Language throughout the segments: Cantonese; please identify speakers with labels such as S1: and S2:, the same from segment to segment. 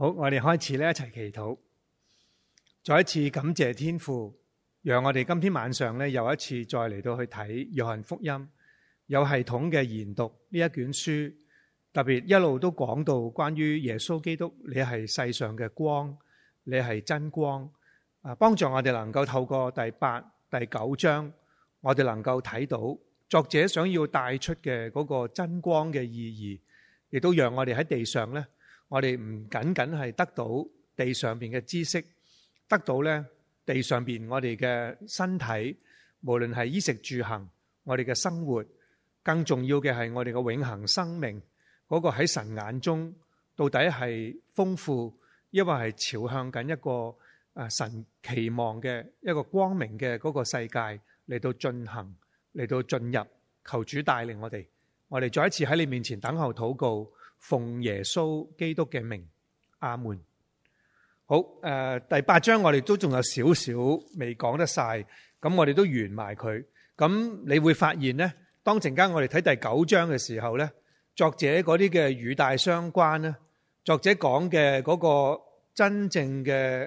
S1: 好，我哋開始呢一齊祈禱，再一次感謝天父，讓我哋今天晚上呢又一次再嚟到去睇約翰福音，有系統嘅研讀呢一卷書，特別一路都講到關於耶穌基督，你係世上嘅光，你係真光，啊，幫助我哋能夠透過第八、第九章，我哋能夠睇到作者想要帶出嘅嗰個真光嘅意義，亦都讓我哋喺地上呢我哋唔僅僅係得到地上邊嘅知識，得到咧地上邊我哋嘅身體，無論係衣食住行，我哋嘅生活，更重要嘅係我哋嘅永恆生命，嗰個喺神眼中到底係豐富，抑或係朝向緊一個誒神期望嘅一個光明嘅嗰個世界嚟到進行，嚟到進入。求主帶領我哋，我哋再一次喺你面前等候禱告。奉耶穌基督嘅名，阿門。好，誒，第八章我哋都仲有少少未講得晒，咁我哋都完埋佢。咁你會發現咧，當陣間我哋睇第九章嘅時候咧，作者嗰啲嘅語帶相關咧，作者講嘅嗰個真正嘅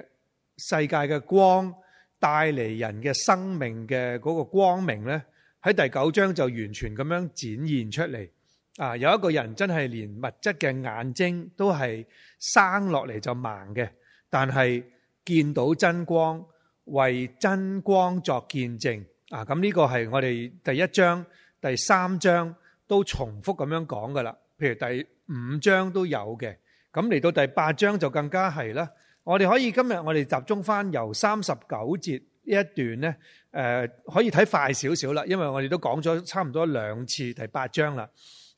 S1: 世界嘅光，帶嚟人嘅生命嘅嗰個光明咧，喺第九章就完全咁樣展現出嚟。啊，有一個人真係連物質嘅眼睛都係生落嚟，就盲嘅，但係見到真光，為真光作見證。啊，咁呢個係我哋第一章、第三章都重複咁樣講噶啦，譬如第五章都有嘅，咁嚟到第八章就更加係啦。我哋可以今日我哋集中翻由三十九節呢一段咧，誒，可以睇快少少啦，因為我哋都講咗差唔多兩次第八章啦。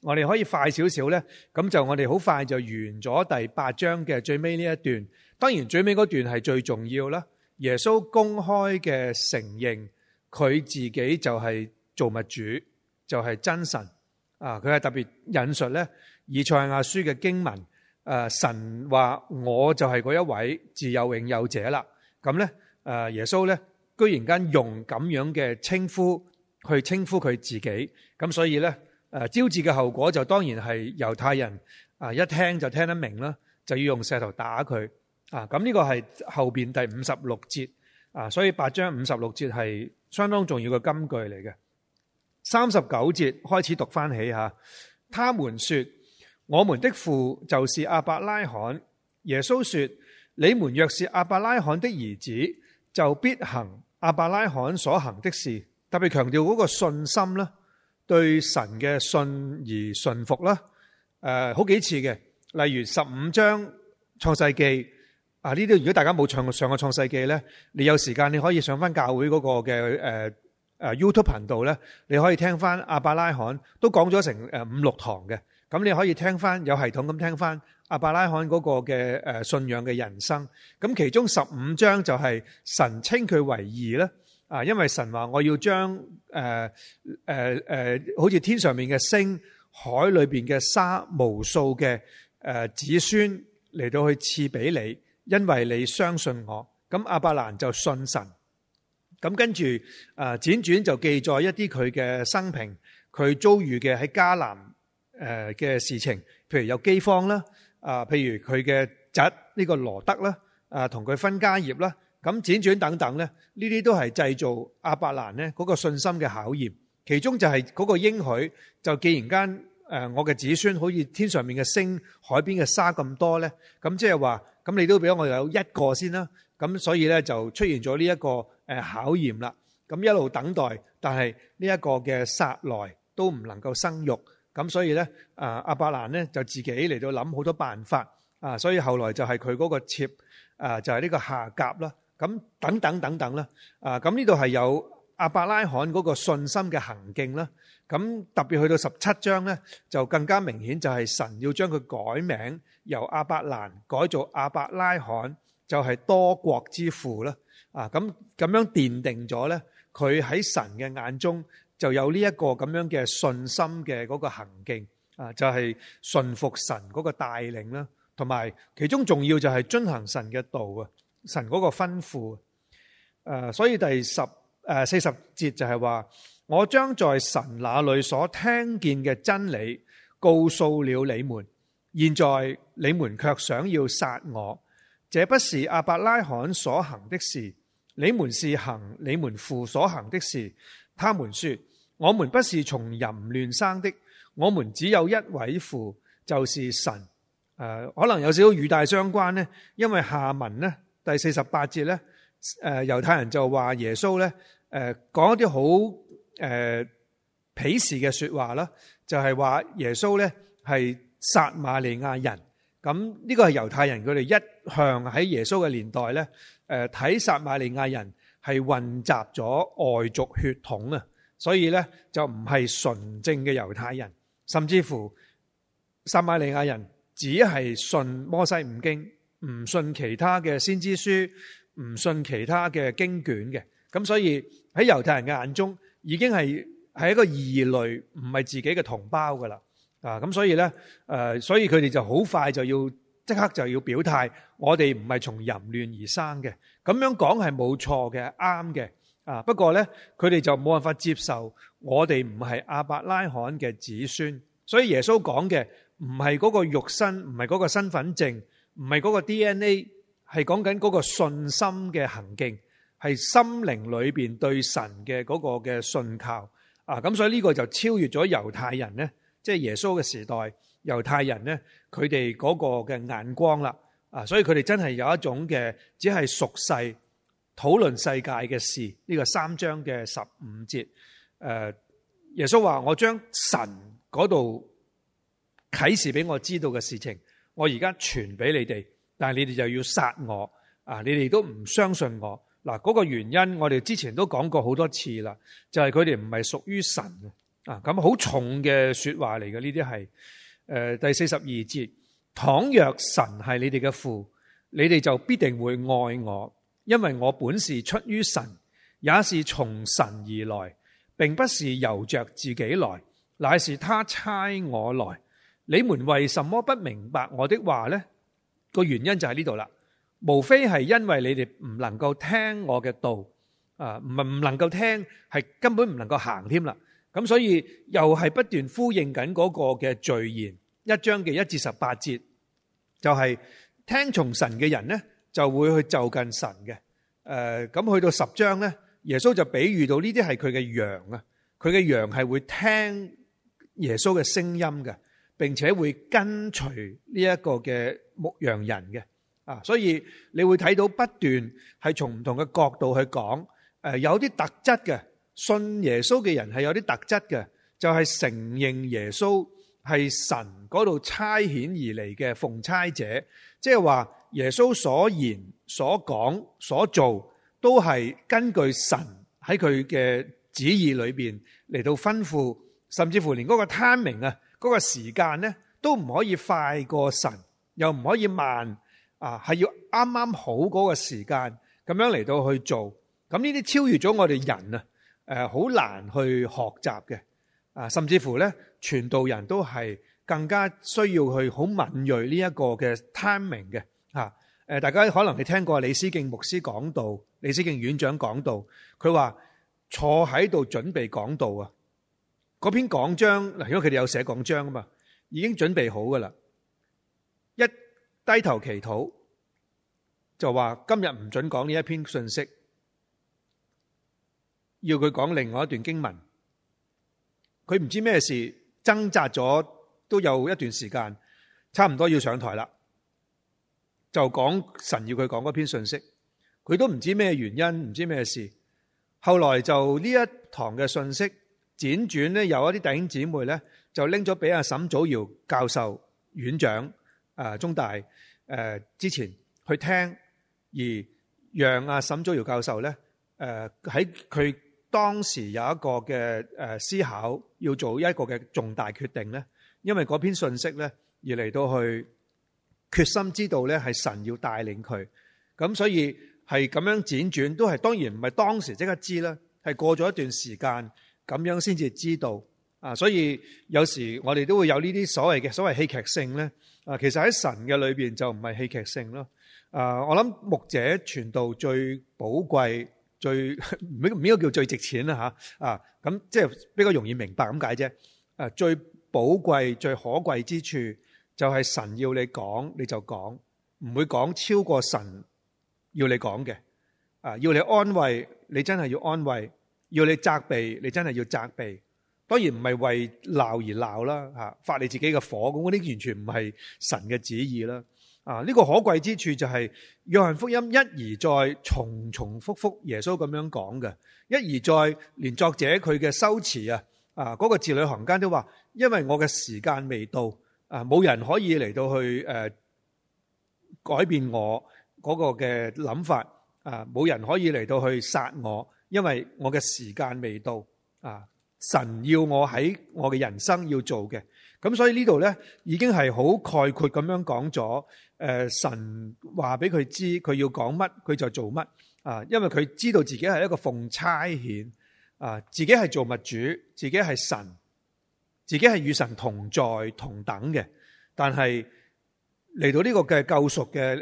S1: 我哋可以快少少咧，咁就我哋好快就完咗第八章嘅最尾呢一段。當然最尾嗰段係最重要啦。耶穌公開嘅承認佢自己就係造物主，就係、是、真神啊！佢係特別引述咧以賽亞書嘅經文，啊、神話我就係嗰一位自有永有者啦。咁咧、啊、耶穌咧，居然間用咁樣嘅稱呼去稱呼佢自己，咁所以咧。誒，招致嘅後果就當然係猶太人啊，一聽就聽得明啦，就要用石頭打佢啊！咁呢個係後邊第五十六節啊，所以八章五十六節係相當重要嘅金句嚟嘅。三十九節開始讀翻起吓，他們說我們的父就是亞伯拉罕。耶穌說：你們若是亞伯拉罕的兒子，就必行亞伯拉罕所行的事。特別強調嗰個信心啦。對神嘅信而順服啦，誒、呃，好幾次嘅，例如十五章創世記，啊呢啲如果大家冇唱上過、上過創世記咧，你有時間你可以上翻教會嗰個嘅誒誒 YouTube 頻道咧，你可以聽翻亞伯拉罕，都講咗成誒五六堂嘅，咁你可以聽翻，有系統咁聽翻亞伯拉罕嗰個嘅誒、呃、信仰嘅人生，咁其中十五章就係神稱佢為義咧。啊，因為神話我要將誒誒誒，好似天上面嘅星、海裏邊嘅沙、無數嘅誒、呃、子孫嚟到去賜俾你，因為你相信我。咁亞伯蘭就信神。咁跟住誒，輾、呃、轉，轉就記載一啲佢嘅生平，佢遭遇嘅喺迦南誒嘅、呃、事情，譬如有饑荒啦，啊、呃，譬如佢嘅侄呢、這個羅得啦，啊、呃，同佢分家業啦。咁輾轉等等咧，呢啲都係製造亞伯蘭咧嗰個信心嘅考驗。其中就係嗰個應許，就既然間誒我嘅子孫好似天上面嘅星、海邊嘅沙咁多咧，咁即係話，咁你都俾我有一個先啦。咁所以咧就出現咗呢一個誒考驗啦。咁一路等待，但係呢一個嘅撒萊都唔能夠生育。咁所以咧，啊亞伯蘭咧就自己嚟到諗好多辦法啊。所以後來就係佢嗰個妾啊，就係呢個夏甲啦。咁等等等等啦，啊，咁呢度係有亞伯拉罕嗰個信心嘅行徑啦。咁特別去到十七章咧，就更加明顯就係神要將佢改名，由亞伯蘭改做亞伯拉罕，就係多國之父啦。啊，咁咁樣奠定咗咧，佢喺神嘅眼中就有呢一個咁樣嘅信心嘅嗰個行徑，啊，就係順服神嗰個帶領啦，同埋其中重要就係遵行神嘅道啊。神嗰個吩咐，誒，所以第十誒四十節就係話：我將在神那裏所聽見嘅真理，告訴了你們。現在你們卻想要殺我，這不是亞伯拉罕所行的事，你們是行你們父所行的事。他們說：我們不是從淫亂生的，我們只有一位父，就是神。誒，可能有少少與大相關呢，因為下文呢。第四十八節咧，誒猶太人就話耶穌咧，誒、呃、講一啲好誒鄙視嘅說話啦，就係、是、話耶穌咧係撒馬利亞人，咁、這、呢個係猶太人佢哋一向喺耶穌嘅年代咧，睇、呃、撒馬利亞人係混雜咗外族血統啊，所以咧就唔係純正嘅猶太人，甚至乎撒馬利亞人只係信摩西五經。唔信其他嘅先知書，唔信其他嘅經卷嘅，咁所以喺猶太人嘅眼中，已經係係一個異類，唔係自己嘅同胞噶啦，啊，咁所以咧，誒，所以佢哋就好快就要即刻就要表態，我哋唔係從淫亂而生嘅，咁樣講係冇錯嘅，啱嘅，啊，不過咧，佢哋就冇辦法接受我哋唔係亞伯拉罕嘅子孫，所以耶穌講嘅唔係嗰個肉身，唔係嗰個身份證。唔係個 DNA，係講緊個信心嘅行徑，係心靈裏邊對神嘅個嘅信靠啊！咁所以呢個就超越咗猶太人咧，即係耶穌嘅時代，猶太人咧佢哋個嘅眼光啦啊！所以佢哋真係有一種嘅，只係屬世討論世界嘅事。呢個三章嘅十五節，誒，耶穌話，我將神度啟示俾我知道嘅事情。我而家傳俾你哋，但係你哋就要殺我啊！你哋都唔相信我嗱，嗰、那個原因我哋之前都講過好多次啦，就係佢哋唔係屬於神啊！咁好重嘅說話嚟嘅，呢啲係誒，第四十二節，倘若神係你哋嘅父，你哋就必定會愛我，因為我本是出於神，也是從神而來，並不是由着自己來，乃是他差我來。你們為什麼不明白我的話呢?個原因就喺呢度啦。無非是因為你們不能夠聽我的道。不能夠聽，是根本不能夠行添了。所以，又是不斷呼應緊嗰個嘅序言。一章的一至十八節，就是，聽從神的人呢,就會去就近神的。呃,去到十章呢,耶穌就比喻到這些是他的羊。他的羊是會聽耶穌的聲音的。並且會跟隨呢一個嘅牧羊人嘅，啊，所以你會睇到不斷係從唔同嘅角度去講，誒，有啲特質嘅信耶穌嘅人係有啲特質嘅，就係承認耶穌係神嗰度差遣而嚟嘅奉差者，即係話耶穌所言所講所做都係根據神喺佢嘅旨意裏邊嚟到吩咐，甚至乎連嗰個 timing。啊。嗰個時間咧，都唔可以快過神，又唔可以慢啊，係要啱啱好嗰個時間咁樣嚟到去做。咁呢啲超越咗我哋人啊，誒，好難去學習嘅啊，甚至乎咧，傳道人都係更加需要去好敏銳呢一個嘅 timing 嘅吓。誒，大家可能你聽過李思敬牧師講道，李思敬院長講道，佢話坐喺度準備講道啊。嗰篇講章嗱，因為佢哋有寫講章啊嘛，已經準備好噶啦。一低頭祈禱，就話今日唔準講呢一篇信息，要佢講另外一段經文。佢唔知咩事，掙扎咗都有一段時間，差唔多要上台啦，就講神要佢講嗰篇信息，佢都唔知咩原因，唔知咩事。後來就呢一堂嘅信息。輾轉咧，有一啲弟兄姊妹咧就拎咗俾阿沈祖堯教授院長啊，中大誒之前去聽，而讓阿沈祖堯教授咧誒喺佢當時有一個嘅誒思考，要做一個嘅重大決定咧，因為嗰篇信息咧而嚟到去決心知道咧係神要帶領佢，咁所以係咁樣輾轉，都係當然唔係當時即刻知啦，係過咗一段時間。咁樣先至知道啊，所以有時我哋都會有呢啲所謂嘅所謂戲劇性咧啊，其實喺神嘅裏邊就唔係戲劇性咯。啊，我諗牧者傳道最寶貴、最唔唔應該叫最值錢啦吓啊，咁即係比較容易明白咁解啫。最寶貴、最可貴之處就係神要你講你就講，唔會講超過神要你講嘅。啊，要你安慰你真係要安慰。要你責備，你真係要責備。當然唔係為鬧而鬧啦，吓發你自己嘅火，咁嗰啲完全唔係神嘅旨意啦。啊，呢、這個可貴之處就係約翰福音一而再，重重複複耶穌咁樣講嘅，一而再，連作者佢嘅修辭啊，啊、那、嗰個字裏行間都話，因為我嘅時間未到，啊冇人可以嚟到去誒、啊、改變我嗰個嘅諗法，啊冇人可以嚟到去殺我。因為我嘅時間未到啊，神要我喺我嘅人生要做嘅，咁所以呢度呢，已經係好概括咁樣講咗。誒、呃，神話俾佢知他，佢要講乜，佢就做乜啊。因為佢知道自己係一個奉差遣啊，自己係造物主，自己係神，自己係與神同在同等嘅。但係嚟到呢個嘅救贖嘅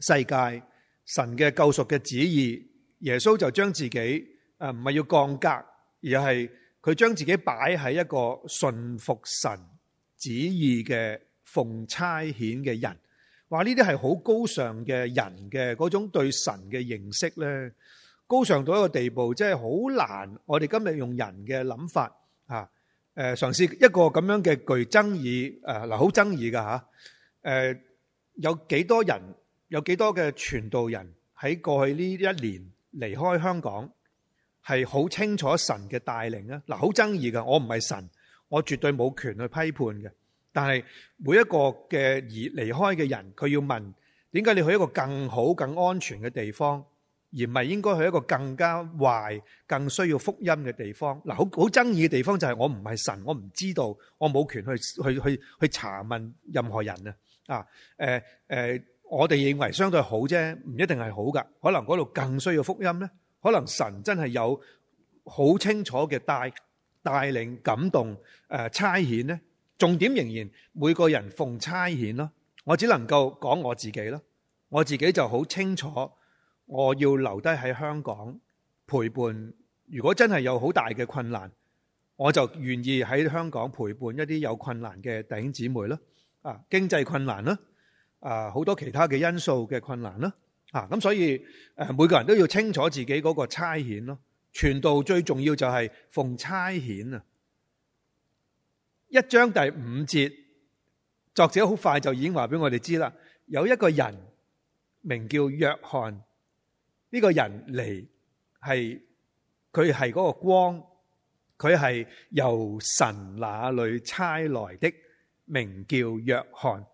S1: 世界，神嘅救贖嘅旨意。耶穌就將自己，誒唔係要降格，而係佢將自己擺喺一個順服神旨意嘅奉差遣嘅人，話呢啲係好高尚嘅人嘅嗰種對神嘅認識咧，高尚到一個地步，即係好難。我哋今日用人嘅諗法啊，誒嘗試一個咁樣嘅具爭議，誒嗱，好爭議㗎嚇，誒、呃、有幾多人，有幾多嘅傳道人喺過去呢一年？離開香港係好清楚神嘅帶領啊！嗱，好爭議嘅，我唔係神，我絕對冇權去批判嘅。但係每一個嘅而離開嘅人，佢要問點解你去一個更好、更安全嘅地方，而唔係應該去一個更加壞、更需要福音嘅地方？嗱，好好爭議嘅地方就係我唔係神，我唔知道，我冇權去去去去查問任何人啊！啊，誒、呃、誒。呃我哋認為相對好啫，唔一定係好㗎。可能嗰度更需要福音呢，可能神真係有好清楚嘅帶帶領、感動誒、呃、差遣呢。重點仍然每個人奉差遣咯。我只能夠講我自己咯。我自己就好清楚我要留低喺香港陪伴。如果真係有好大嘅困難，我就願意喺香港陪伴一啲有困難嘅弟兄姊妹咯。啊，經濟困難啦。啊，好多其他嘅因素嘅困難啦、啊，咁、啊、所以每個人都要清楚自己嗰個差遣咯、啊。傳道最重要就係奉差遣啊！一章第五節，作者好快就已經話俾我哋知啦，有一個人名叫約翰，呢、這個人嚟係佢係嗰個光，佢係由神那裏差來的，名叫約翰。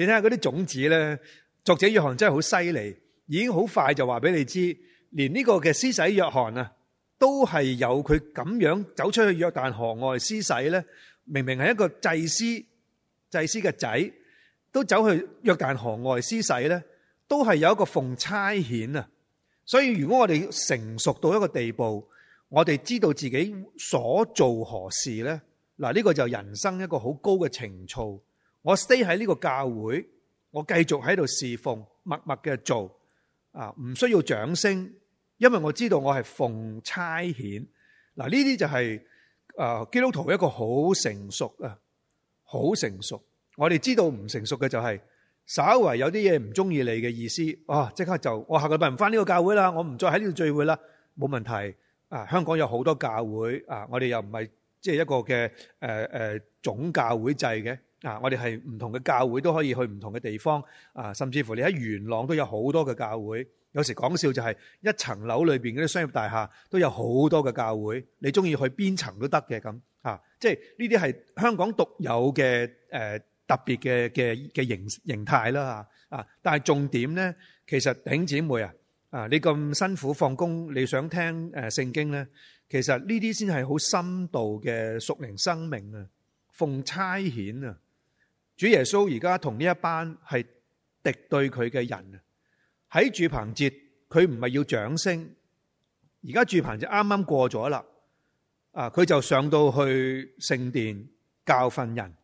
S1: 你睇下嗰啲種子咧，作者約翰真係好犀利，已經好快就話俾你知，連呢個嘅施洗約翰啊，都係有佢咁樣走出去約旦河外施洗咧。明明係一個祭司，祭司嘅仔都走去約旦河外施洗咧，都係有一個奉差遣啊。所以如果我哋成熟到一個地步，我哋知道自己所做何事咧，嗱，呢個就人生一個好高嘅情操。我 stay 喺呢個教會，我繼續喺度侍奉，默默嘅做啊，唔需要掌聲，因為我知道我係奉差遣。嗱，呢啲就係誒基督徒一個好成熟啊，好成熟。我哋知道唔成熟嘅就係、是、稍為有啲嘢唔中意你嘅意思，啊即刻就我下個禮拜唔翻呢個教會啦，我唔再喺呢度聚會啦，冇問題啊。香港有好多教會啊，我哋又唔係即係一個嘅誒誒總教會制嘅。啊！我哋係唔同嘅教會都可以去唔同嘅地方啊，甚至乎你喺元朗都有好多嘅教會。有時講笑就係一層樓裏面嗰啲商業大廈都有好多嘅教會，你中意去邊層都得嘅咁啊！即係呢啲係香港獨有嘅誒、呃、特別嘅嘅嘅形形態啦啊，啊！但係重點咧，其實弟兄姊妹啊啊！你咁辛苦放工，你想聽誒、呃、聖經咧，其實呢啲先係好深度嘅屬靈生命啊，奉差遣啊！主耶穌而家同呢一班係敵對佢嘅人啊！喺住棚節，佢唔係要掌聲。而家住棚節啱啱過咗啦，啊！佢就上到去聖殿教訓人，人，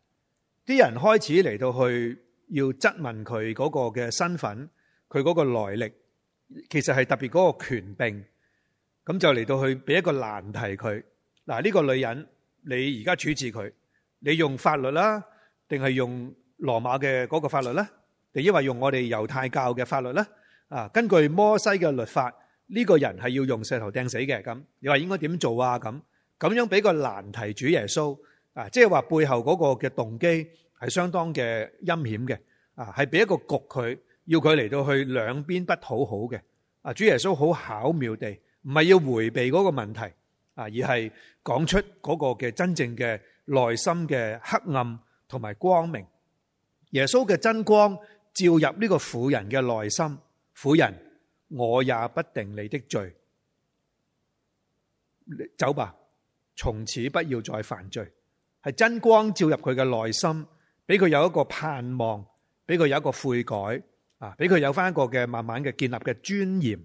S1: 啲人開始嚟到去要質問佢嗰個嘅身份，佢嗰個來歷，其實係特別嗰個權柄。咁就嚟到去俾一個難題佢。嗱，呢個女人，你而家處置佢，你用法律啦。定係用羅馬嘅嗰個法律咧，定抑或用我哋猶太教嘅法律咧？啊，根據摩西嘅律法，呢個人係要用石頭掟死嘅。咁你話應該點做啊？咁咁樣俾個難題主耶穌啊，即係話背後嗰個嘅動機係相當嘅陰險嘅啊，係俾一個局佢，要佢嚟到去兩邊不討好嘅啊。主耶穌好巧妙地，唔係要迴避嗰個問題啊，而係講出嗰個嘅真正嘅內心嘅黑暗。同埋光明，耶穌嘅真光照入呢個婦人嘅內心。婦人，我也不定你的罪，走吧，從此不要再犯罪。係真光照入佢嘅內心，俾佢有一個盼望，俾佢有一個悔改，啊，俾佢有翻一個嘅慢慢嘅建立嘅尊嚴。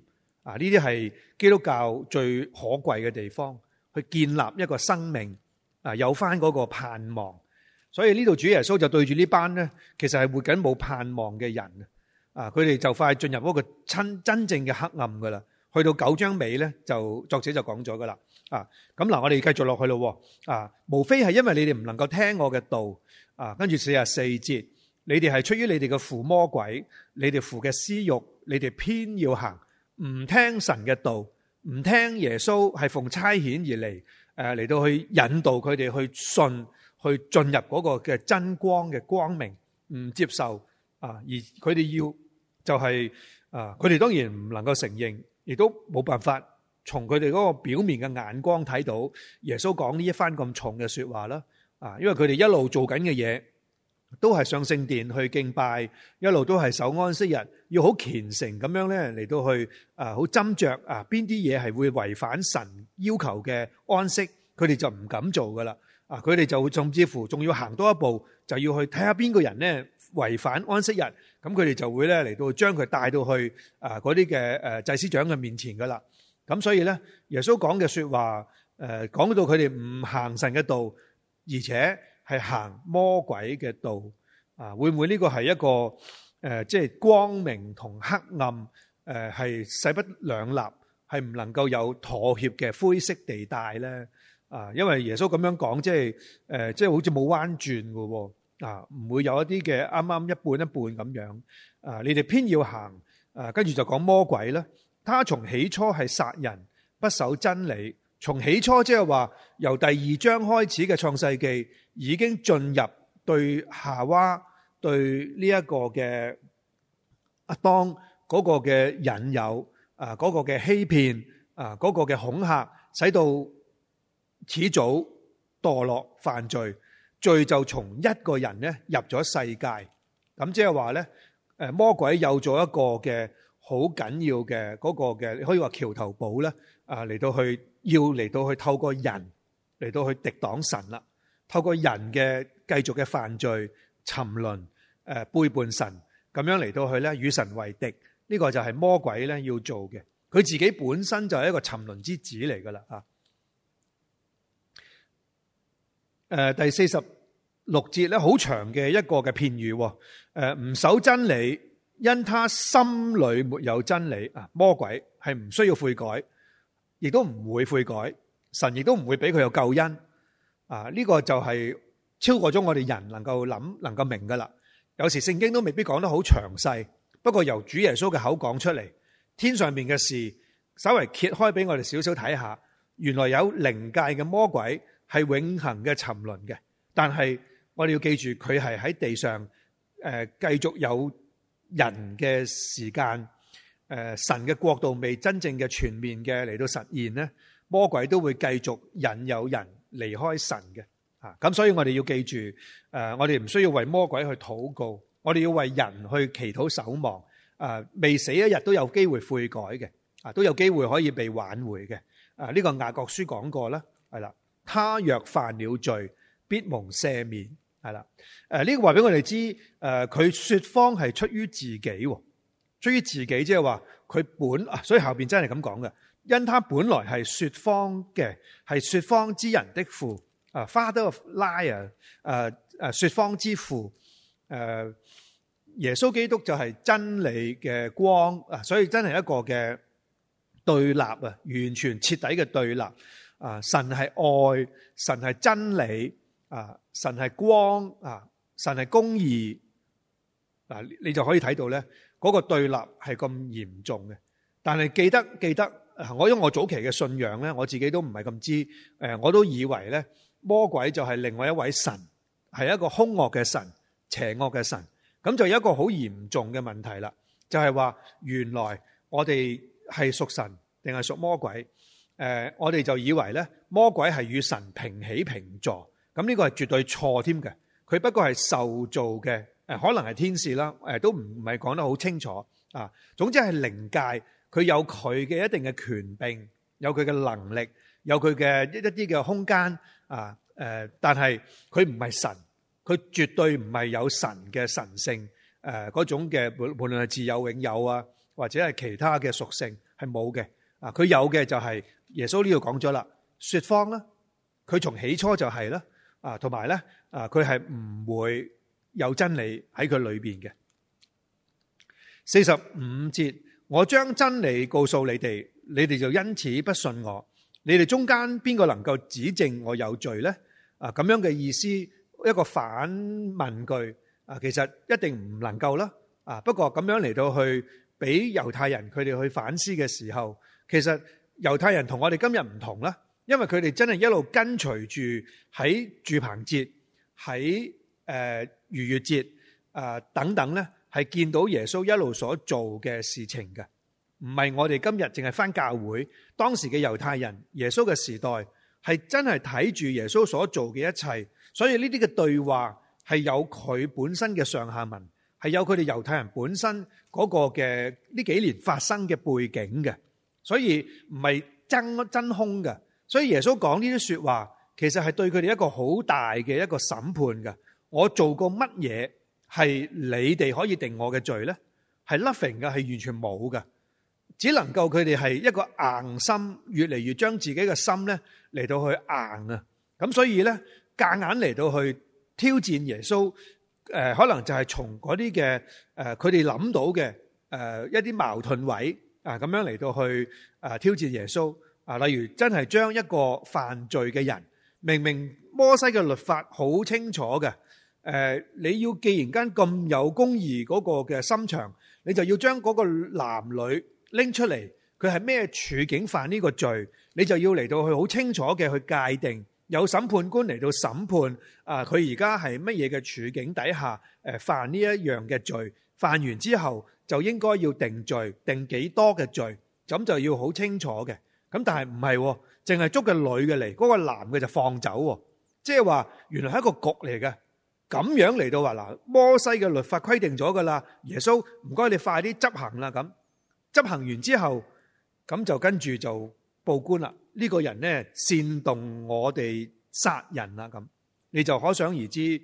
S1: 啊，呢啲係基督教最可貴嘅地方，去建立一個生命，啊，有翻嗰個盼望。所以呢度主耶穌就對住呢班咧，其實係活緊冇盼望嘅人啊！佢哋就快進入嗰個真真正嘅黑暗噶啦。去到九章尾咧，就作者就講咗噶啦啊！咁嗱，我哋繼續落去咯。啊，無非係因為你哋唔能夠聽我嘅道啊，跟住四十四節，你哋係出於你哋嘅父魔鬼，你哋父嘅私欲，你哋偏要行，唔聽神嘅道，唔聽耶穌係奉差遣而嚟，誒嚟到去引導佢哋去信。去進入嗰個嘅真光嘅光明，唔接受啊！而佢哋要就係啊，佢哋當然唔能夠承認，亦都冇辦法從佢哋嗰個表面嘅眼光睇到耶穌講呢一番咁重嘅說話啦啊！因為佢哋一路做緊嘅嘢都係上聖殿去敬拜，一路都係守安息日，要好虔誠咁樣咧嚟到去啊，好斟酌啊邊啲嘢係會違反神要求嘅安息，佢哋就唔敢做噶啦。啊！佢哋就甚至乎仲要行多一步，就要去睇下邊個人咧違反安息日，咁佢哋就會咧嚟到將佢帶到去啊嗰啲嘅誒祭司長嘅面前噶啦。咁所以咧，耶穌講嘅說話，誒講到佢哋唔行神嘅道，而且係行魔鬼嘅道。啊，會唔會呢個係一個誒即係光明同黑暗誒係勢不兩立，係唔能夠有妥協嘅灰色地帶咧？啊，因為耶穌咁樣講、呃，即係誒，即係好似冇彎轉㗎啊，唔、啊、會有一啲嘅啱啱一半一半咁樣。啊，你哋偏要行，啊，跟住就講魔鬼咧。他從起初係殺人，不守真理。從起初即係話，由第二章開始嘅創世記，已經進入對夏娃對呢一個嘅亞當嗰個嘅引誘，啊，嗰、嗰個嘅欺騙，啊，嗰、嗰個嘅恐嚇，使到。始祖墮落犯罪，罪就從一個人咧入咗世界，咁即係話咧，誒魔鬼有做一個嘅好緊要嘅嗰、嗰個嘅，你可以話橋頭堡咧，啊，嚟到去要嚟到去透過人嚟到去敵擋神啦，透過人嘅繼續嘅犯罪沉淪，誒背叛神，咁樣嚟到去咧與神為敵，呢、呢個就係魔鬼咧要做嘅，佢自己本身就係一個沉淪之子嚟噶啦誒，第四十六節咧，好長嘅一個嘅片語。誒，唔守真理，因他心裏沒有真理啊。魔鬼係唔需要悔改，亦都唔會悔改，神亦都唔會俾佢有救恩。啊，呢、這個就係超過咗我哋人能夠諗、能夠明噶啦。有時聖經都未必講得好詳細，不過由主耶穌嘅口講出嚟，天上面嘅事稍微揭開俾我哋少少睇下，原來有靈界嘅魔鬼。係永恒嘅沉淪嘅，但係我哋要記住佢係喺地上，誒，繼續有人嘅時間，誒，神嘅國度未真正嘅全面嘅嚟到實現咧，魔鬼都會繼續引誘人離開神嘅。吓咁所以我哋要記住，誒，我哋唔需要為魔鬼去禱告，我哋要為人去祈禱守望，誒，未死一日都有機會悔改嘅，啊都有機會可以被挽回嘅，啊呢個雅各書講過啦，係啦。他若犯了罪，必蒙赦免，係啦。誒、這個，呢個話俾我哋知，誒，佢說謊係出於自己，出於自己，即係話佢本，所以後邊真係咁講嘅。因他本來係說謊嘅，係說謊之人的父啊，Father of liar，誒誒，說謊之父。誒，耶穌基督就係真理嘅光啊，所以真係一個嘅對立啊，完全徹底嘅對立。啊！神係愛，神係真理，啊！神係光，啊！神係公義，嗱，你就可以睇到咧，嗰個對立係咁嚴重嘅。但係記得記得，我因為我早期嘅信仰咧，我自己都唔係咁知，誒，我都以為咧，魔鬼就係另外一位神，係一個兇惡嘅神、邪惡嘅神，咁就有一個好嚴重嘅問題啦，就係話原來我哋係屬神定係屬魔鬼？誒，我哋就以為咧，魔鬼係與神平起平坐，咁呢個係絕對錯添嘅。佢不過係受造嘅，誒，可能係天使啦，誒，都唔係講得好清楚啊。總之係靈界，佢有佢嘅一定嘅權柄，有佢嘅能力，有佢嘅一一啲嘅空間啊，誒，但係佢唔係神，佢絕對唔係有神嘅神性，誒，嗰種嘅無論係自有永有啊，或者係其他嘅屬性係冇嘅啊。佢有嘅就係。耶穌呢度講咗啦，說謊啦，佢從起初就係、是、啦，啊，同埋咧，啊，佢係唔會有真理喺佢裏邊嘅。四十五節，我將真理告訴你哋，你哋就因此不信我。你哋中間邊個能夠指證我有罪咧？啊，咁樣嘅意思，一個反問句啊，其實一定唔能夠啦。啊，不過咁樣嚟到去俾猶太人佢哋去反思嘅時候，其實。猶太人同我哋今日唔同啦，因為佢哋真係一路跟隨住喺住棚節、喺誒逾越節啊等等，呢係見到耶穌一路所做嘅事情嘅，唔係我哋今日淨係返教會。當時嘅猶太人，耶穌嘅時代係真係睇住耶穌所做嘅一切，所以呢啲嘅對話係有佢本身嘅上下文，係有佢哋猶太人本身嗰個嘅呢幾年發生嘅背景嘅。所以唔係真真空嘅，所以耶穌講呢啲說話，其實係對佢哋一個好大嘅一個審判嘅。我做過乜嘢係你哋可以定我嘅罪咧？係 nothing 嘅，係完全冇嘅，只能夠佢哋係一個硬心，越嚟越將自己嘅心咧嚟到去硬啊。咁所以咧，夾硬嚟到去挑戰耶穌，誒，可能就係從嗰啲嘅誒，佢哋諗到嘅誒一啲矛盾位。啊，咁樣嚟到去啊挑戰耶穌啊，例如真係將一個犯罪嘅人，明明摩西嘅律法好清楚嘅，誒，你要既然間咁有公義嗰個嘅心腸，你就要將嗰個男女拎出嚟，佢係咩處境犯呢個罪，你就要嚟到去好清楚嘅去界定，有審判官嚟到審判啊，佢而家係乜嘢嘅處境底下誒犯呢一樣嘅罪，犯完之後。就應該要定罪，定幾多嘅罪？咁就要好清楚嘅。咁但係唔係，淨係捉個女嘅嚟，嗰個男嘅就放走，即係話原來係一個局嚟嘅。咁樣嚟到話嗱，摩西嘅律法規定咗噶啦，耶穌唔該你快啲執行啦，咁執行完之後，咁就跟住就報官啦。呢個人呢煽動我哋殺人啦，咁你就可想而知。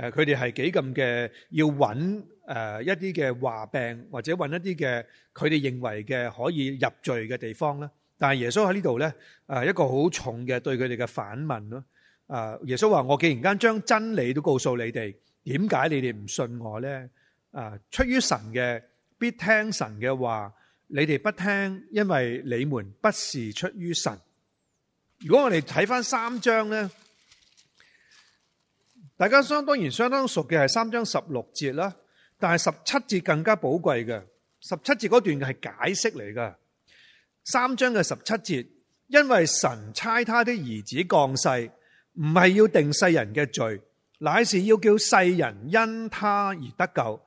S1: 誒佢哋係幾咁嘅要揾誒一啲嘅話柄，或者揾一啲嘅佢哋認為嘅可以入罪嘅地方咧。但係耶穌喺呢度咧，誒一個好重嘅對佢哋嘅反問咯。誒耶穌話：我既然間將真理都告訴你哋，點解你哋唔信我咧？啊，出於神嘅，必聽神嘅話，你哋不聽，因為你們不是出於神。如果我哋睇翻三章咧。大家相當然相當熟嘅，係三章十六節啦，但係十七節更加寶貴嘅。十七節嗰段係解釋嚟嘅。三章嘅十七節，因為神差他的兒子降世，唔係要定世人嘅罪，乃是要叫世人因他而得救。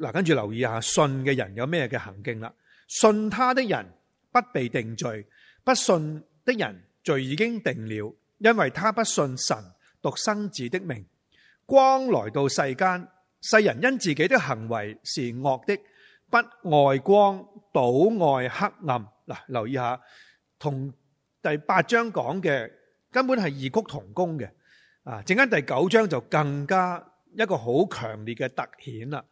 S1: 嗱，跟住留意一下信嘅人有咩嘅行徑啦。信他的人不被定罪，不信的人罪已經定了，因為他不信神獨生子的名。光來到世間，世人因自己的行為是惡的，不愛光，倒愛黑暗。嗱，留意下，同第八章講嘅根本係異曲同工嘅。啊，陣間第九章就更加一個好強烈嘅特顯啦。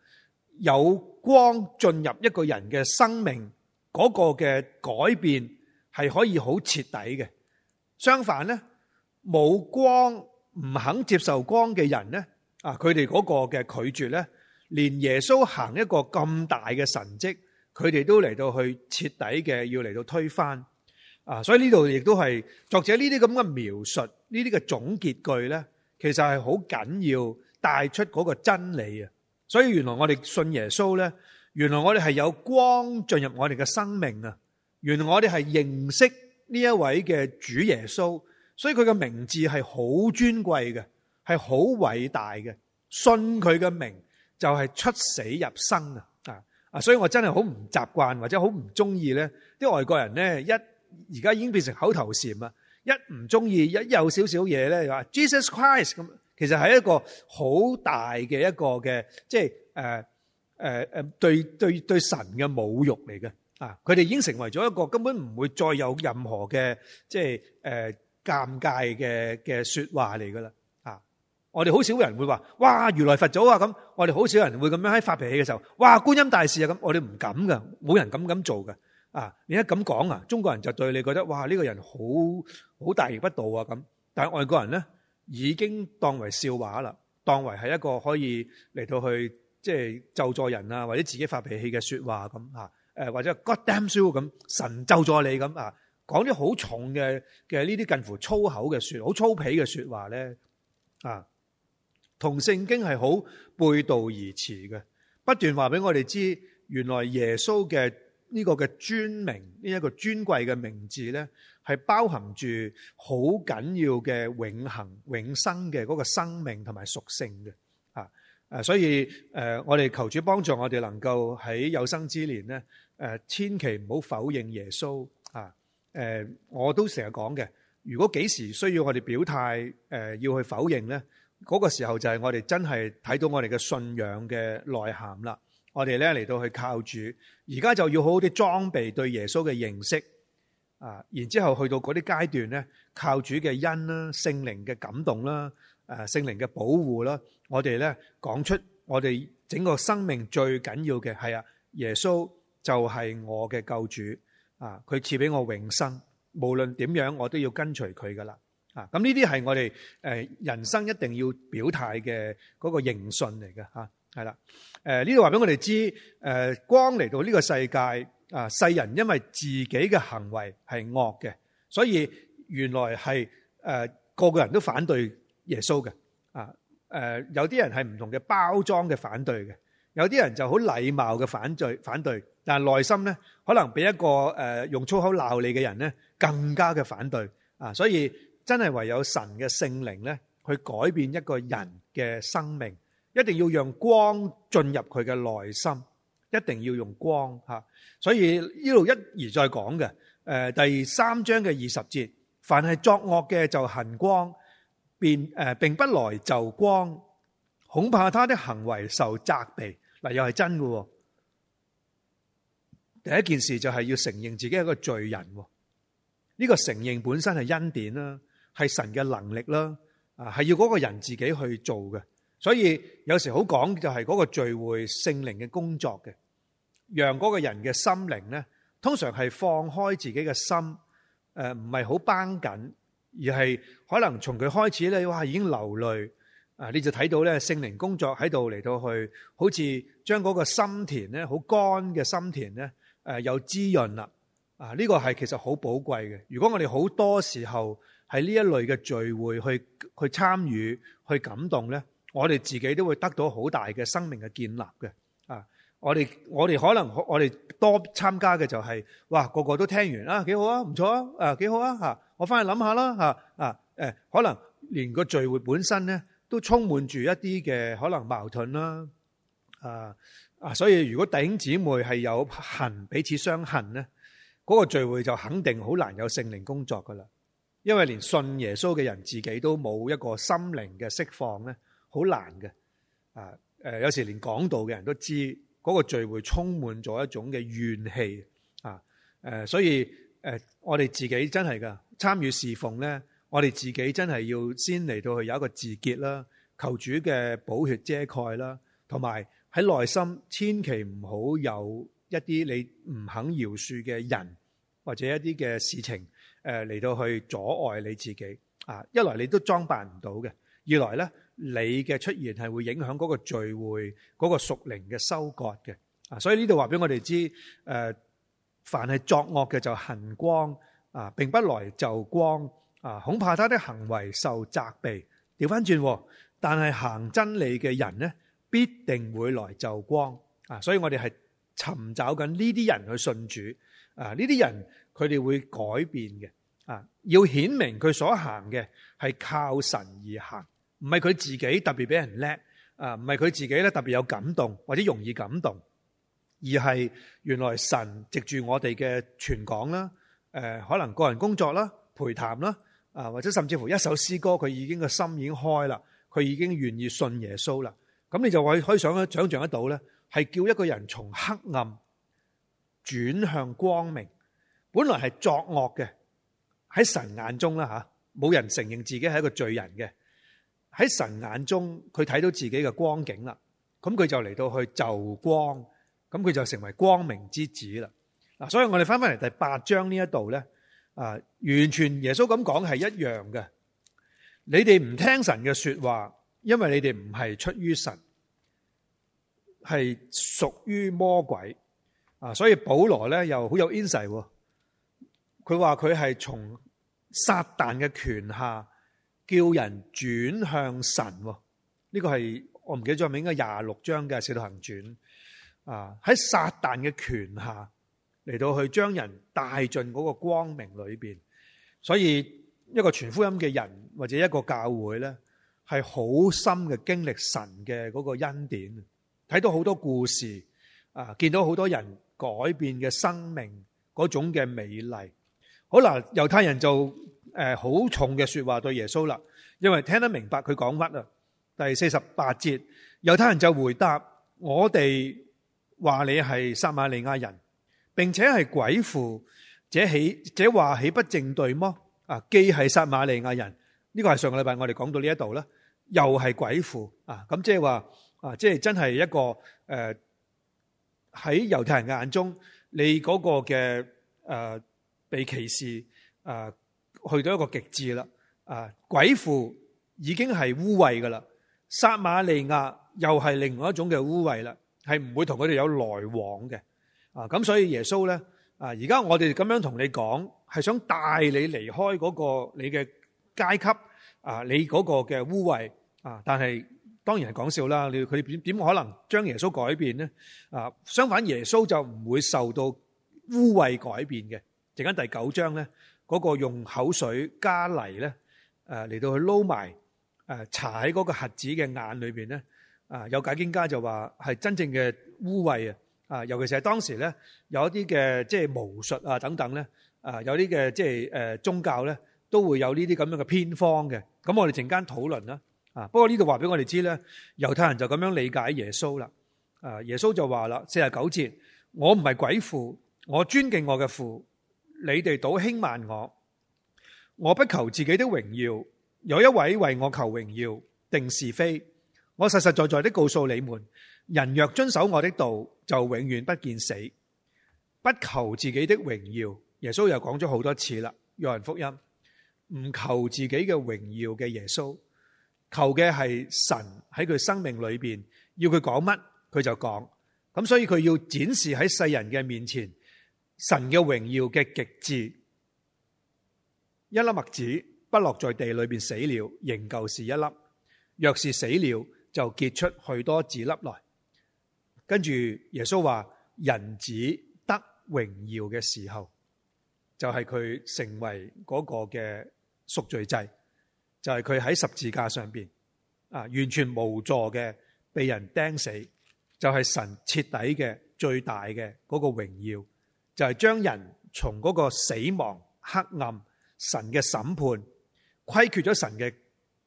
S1: 有光進入一個人嘅生命，嗰個嘅改變係可以好徹底嘅。相反呢，冇光。唔肯接受光嘅人咧，啊，佢哋嗰個嘅拒絕咧，連耶穌行一個咁大嘅神蹟，佢哋都嚟到去徹底嘅要嚟到推翻啊。所以呢度亦都係作者呢啲咁嘅描述，呢啲嘅總結句咧，其實係好緊要帶出嗰個真理啊。所以原來我哋信耶穌咧，原來我哋係有光進入我哋嘅生命啊。原來我哋係認識呢一位嘅主耶穌。所以佢嘅名字係好尊貴嘅，係好偉大嘅。信佢嘅名就係出死入生啊！啊啊！所以我真係好唔習慣，或者好唔中意咧。啲外國人咧一，而家已經變成口頭禪啊！一唔中意，一有少少嘢咧話 Jesus Christ 咁。其實係一個好大嘅一個嘅，即係誒誒誒，對對對神嘅侮辱嚟嘅啊！佢哋已經成為咗一個根本唔會再有任何嘅，即係誒。尷尬嘅嘅說話嚟噶啦。我哋好少人會話哇，如來佛祖啊咁，我哋好少人會咁樣喺發脾氣嘅時候哇，觀音大士啊咁，我哋唔敢噶，冇人敢咁做噶啊！你一咁講啊，中國人就對你覺得哇，呢個人好好大逆不道啊咁，但係外國人咧已經當為笑話啦，當為係一個可以嚟到去即係咒助人啊，或者自己發脾氣嘅說話咁吓，誒或者 God damn you 咁，神咒助你咁啊。講啲好重嘅嘅呢啲近乎粗口嘅說，好粗鄙嘅說話咧，啊，同聖經係好背道而馳嘅。不斷話俾我哋知，原來耶穌嘅呢個嘅尊名，呢、這、一個尊貴嘅名字咧，係包含住好緊要嘅永恆永生嘅嗰個生命同埋屬性嘅啊。誒，所以誒、呃，我哋求主幫助我哋，能夠喺有生之年咧，誒、啊，千祈唔好否認耶穌。誒、呃，我都成日講嘅，如果幾時需要我哋表態，誒、呃、要去否認咧，嗰、那個時候就係我哋真係睇到我哋嘅信仰嘅內涵啦。我哋咧嚟到去靠主，而家就要好好啲裝備對耶穌嘅認識啊，然之後去到嗰啲階段咧，靠主嘅恩啦、啊、聖靈嘅感動啦、誒、啊、聖靈嘅保護啦，我哋咧講出我哋整個生命最緊要嘅係啊，耶穌就係我嘅救主。啊！佢賜俾我永生，無論點樣，我都要跟隨佢噶啦。啊！咁呢啲係我哋誒人生一定要表態嘅嗰個認信嚟嘅吓，係啦。誒呢度話俾我哋知，誒光嚟到呢個世界，啊世人因為自己嘅行為係惡嘅，所以原來係誒個個人都反對耶穌嘅。啊誒有啲人係唔同嘅包裝嘅反對嘅，有啲人就好禮貌嘅反對反對。但內心咧，可能比一個誒用粗口鬧你嘅人咧，更加嘅反對啊！所以真係唯有神嘅聖靈咧，去改變一個人嘅生命，一定要讓光進入佢嘅內心，一定要用光吓。所以呢度一而再講嘅，誒第三章嘅二十節，凡係作惡嘅就恨光，便誒並不來就光，恐怕他的行為受責備。嗱又係真喎。第一件事就係要承認自己係一個罪人，呢個承認本身係恩典啦，係神嘅能力啦，啊係要嗰個人自己去做嘅。所以有時好講就係嗰個聚會聖靈嘅工作嘅，讓嗰個人嘅心靈咧，通常係放開自己嘅心，誒唔係好繃緊，而係可能從佢開始咧，哇已經流淚，啊你就睇到咧聖靈工作喺度嚟，到去，好似將嗰個心田咧好乾嘅心田咧。誒有滋潤啦，啊呢個係其實好寶貴嘅。如果我哋好多時候喺呢一類嘅聚會去去參與去感動咧，我哋自己都會得到好大嘅生命嘅建立嘅。啊，我哋我哋可能我哋多參加嘅就係，哇個個都聽完啦，幾好啊，唔錯啊，啊幾好啊嚇，我翻去諗下啦嚇啊誒，可能連個聚會本身咧都充滿住一啲嘅可能矛盾啦啊。啊，所以如果弟兄姊妹係有恨，彼此相恨咧，嗰個聚會就肯定好難有聖靈工作噶啦。因為連信耶穌嘅人自己都冇一個心靈嘅釋放咧，好難嘅。啊，誒，有時連講道嘅人都知嗰個聚會充滿咗一種嘅怨氣。啊，誒，所以誒，我哋自己真係噶參與侍奉咧，我哋自己真係要先嚟到去有一個自潔啦、啊，求主嘅寶血遮蓋啦，同埋，喺內心千祈唔好有一啲你唔肯饒恕嘅人，或者一啲嘅事情，誒嚟到去阻礙你自己啊！一來你都裝扮唔到嘅，二來咧你嘅出現係會影響嗰個聚會嗰個屬靈嘅收割嘅啊！所以呢度話俾我哋知，誒，凡係作惡嘅就恨光啊，並不來就光啊，恐怕他的行為受責備。調翻轉，但係行真理嘅人咧。必定會來就光啊！所以我哋係尋找緊呢啲人去信主啊！呢啲人佢哋會改變嘅啊！要顯明佢所行嘅係靠神而行，唔係佢自己特別俾人叻啊！唔係佢自己咧特別有感動或者容易感動，而係原來神藉住我哋嘅傳講啦、誒可能個人工作啦、陪談啦啊，或者甚至乎一首詩歌，佢已經個心已經開啦，佢已經願意信耶穌啦。咁你就可可以想一想象得到咧，係叫一個人從黑暗轉向光明。本來係作惡嘅，喺神眼中啦吓，冇人承認自己係一個罪人嘅。喺神眼中，佢睇到自己嘅光景啦。咁佢就嚟到去就光，咁佢就成為光明之子啦。嗱，所以我哋翻翻嚟第八章呢一度咧，啊，完全耶穌咁講係一樣嘅。你哋唔聽神嘅說話。因為你哋唔係出於神，係屬於魔鬼啊！所以保羅咧又好有 insight，佢話佢係從撒旦嘅權下叫人轉向神。呢、這個係我唔記得咗，係咪應該廿六章嘅《使徒行傳》啊？喺撒旦嘅權下嚟到去將人帶進嗰個光明裏邊，所以一個傳福音嘅人或者一個教會咧。係好深嘅經歷神嘅嗰個恩典，睇到好多故事啊，見到好多人改變嘅生命嗰種嘅美麗。好嗱，猶太人就誒好、呃、重嘅說話對耶穌啦，因為聽得明白佢講乜啊。第四十八節，猶太人就回答：我哋話你係撒瑪利亞人，並且係鬼父，這起這話豈不正對麼？啊，既係撒瑪利亞人，呢、這個係上個禮拜我哋講到呢一度啦。又係鬼父啊！咁即係話啊，即係、啊、真係一個誒，喺、呃、猶太人嘅眼中，你嗰個嘅誒、呃、被歧視誒、呃、去到一個極致啦！啊，鬼父已經係污穢噶啦，撒瑪利亞又係另外一種嘅污穢啦，係唔會同佢哋有來往嘅啊！咁所以耶穌咧啊，而家我哋咁樣同你講，係想帶你離開嗰個你嘅階級啊，你嗰個嘅污穢。啊！但係當然係講笑啦。你佢點點可能將耶穌改變咧？啊！相反，耶穌就唔會受到污穢改變嘅。陣間第九章咧，嗰、那個用口水加泥咧，誒、啊、嚟到去撈埋誒搽喺嗰個瞎子嘅眼裏邊咧。啊！有解經家就話係真正嘅污穢啊！啊，尤其是喺當時咧，有一啲嘅即係巫術啊等等咧，啊有啲嘅即係誒、呃、宗教咧，都會有呢啲咁樣嘅偏方嘅。咁我哋陣間討論啦。啊！不過呢度話俾我哋知咧，猶太人就咁樣理解耶穌啦。啊，耶穌就話啦，四十九節：我唔係鬼父，我尊敬我嘅父。你哋倒輕慢我，我不求自己的榮耀。有一位為我求榮耀，定是非。我實實在在的告訴你們：人若遵守我的道，就永遠不見死。不求自己的榮耀，耶穌又講咗好多次啦。約翰福音唔求自己嘅榮耀嘅耶穌。求嘅係神喺佢生命裏邊，要佢講乜佢就講，咁所以佢要展示喺世人嘅面前神嘅榮耀嘅極致。一粒麥子不落在地裏邊死了，仍舊是一粒；若是死了，就結出許多子粒來。跟住耶穌話：人子得榮耀嘅時候，就係、是、佢成為嗰個嘅贖罪祭。就係佢喺十字架上邊啊，完全無助嘅，被人釘死，就係神徹底嘅最大嘅嗰個榮耀，就係將人從嗰個死亡、黑暗、神嘅審判、虧缺咗神嘅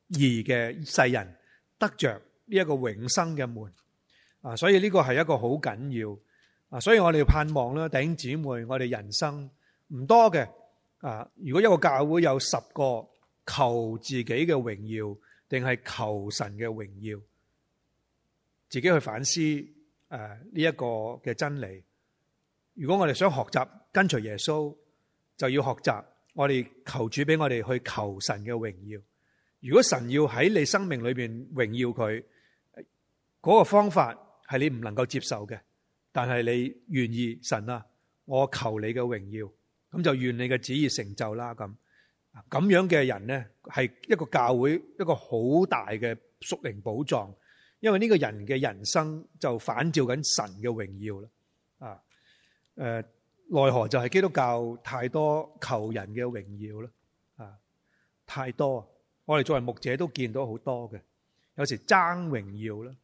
S1: 義嘅世人，得着呢一個永生嘅門啊！所以呢個係一個好緊要啊！所以我哋盼望啦。弟兄姊妹，我哋人生唔多嘅啊！如果一個教會有十個。求自己嘅榮耀，定係求神嘅榮耀？自己去反思誒呢一個嘅真理。如果我哋想學習跟隨耶穌，就要學習我哋求主俾我哋去求神嘅榮耀。如果神要喺你生命裏邊榮耀佢，嗰個方法係你唔能夠接受嘅。但係你願意神啊，我求你嘅榮耀，咁就願你嘅旨意成就啦。咁。咁樣嘅人咧，係一個教會一個好大嘅屬靈寶藏，因為呢個人嘅人生就反照緊神嘅榮耀啦。啊，誒，奈何就係基督教太多求人嘅榮耀啦。啊，太多，我哋作為牧者都見到好多嘅，有時爭榮耀啦，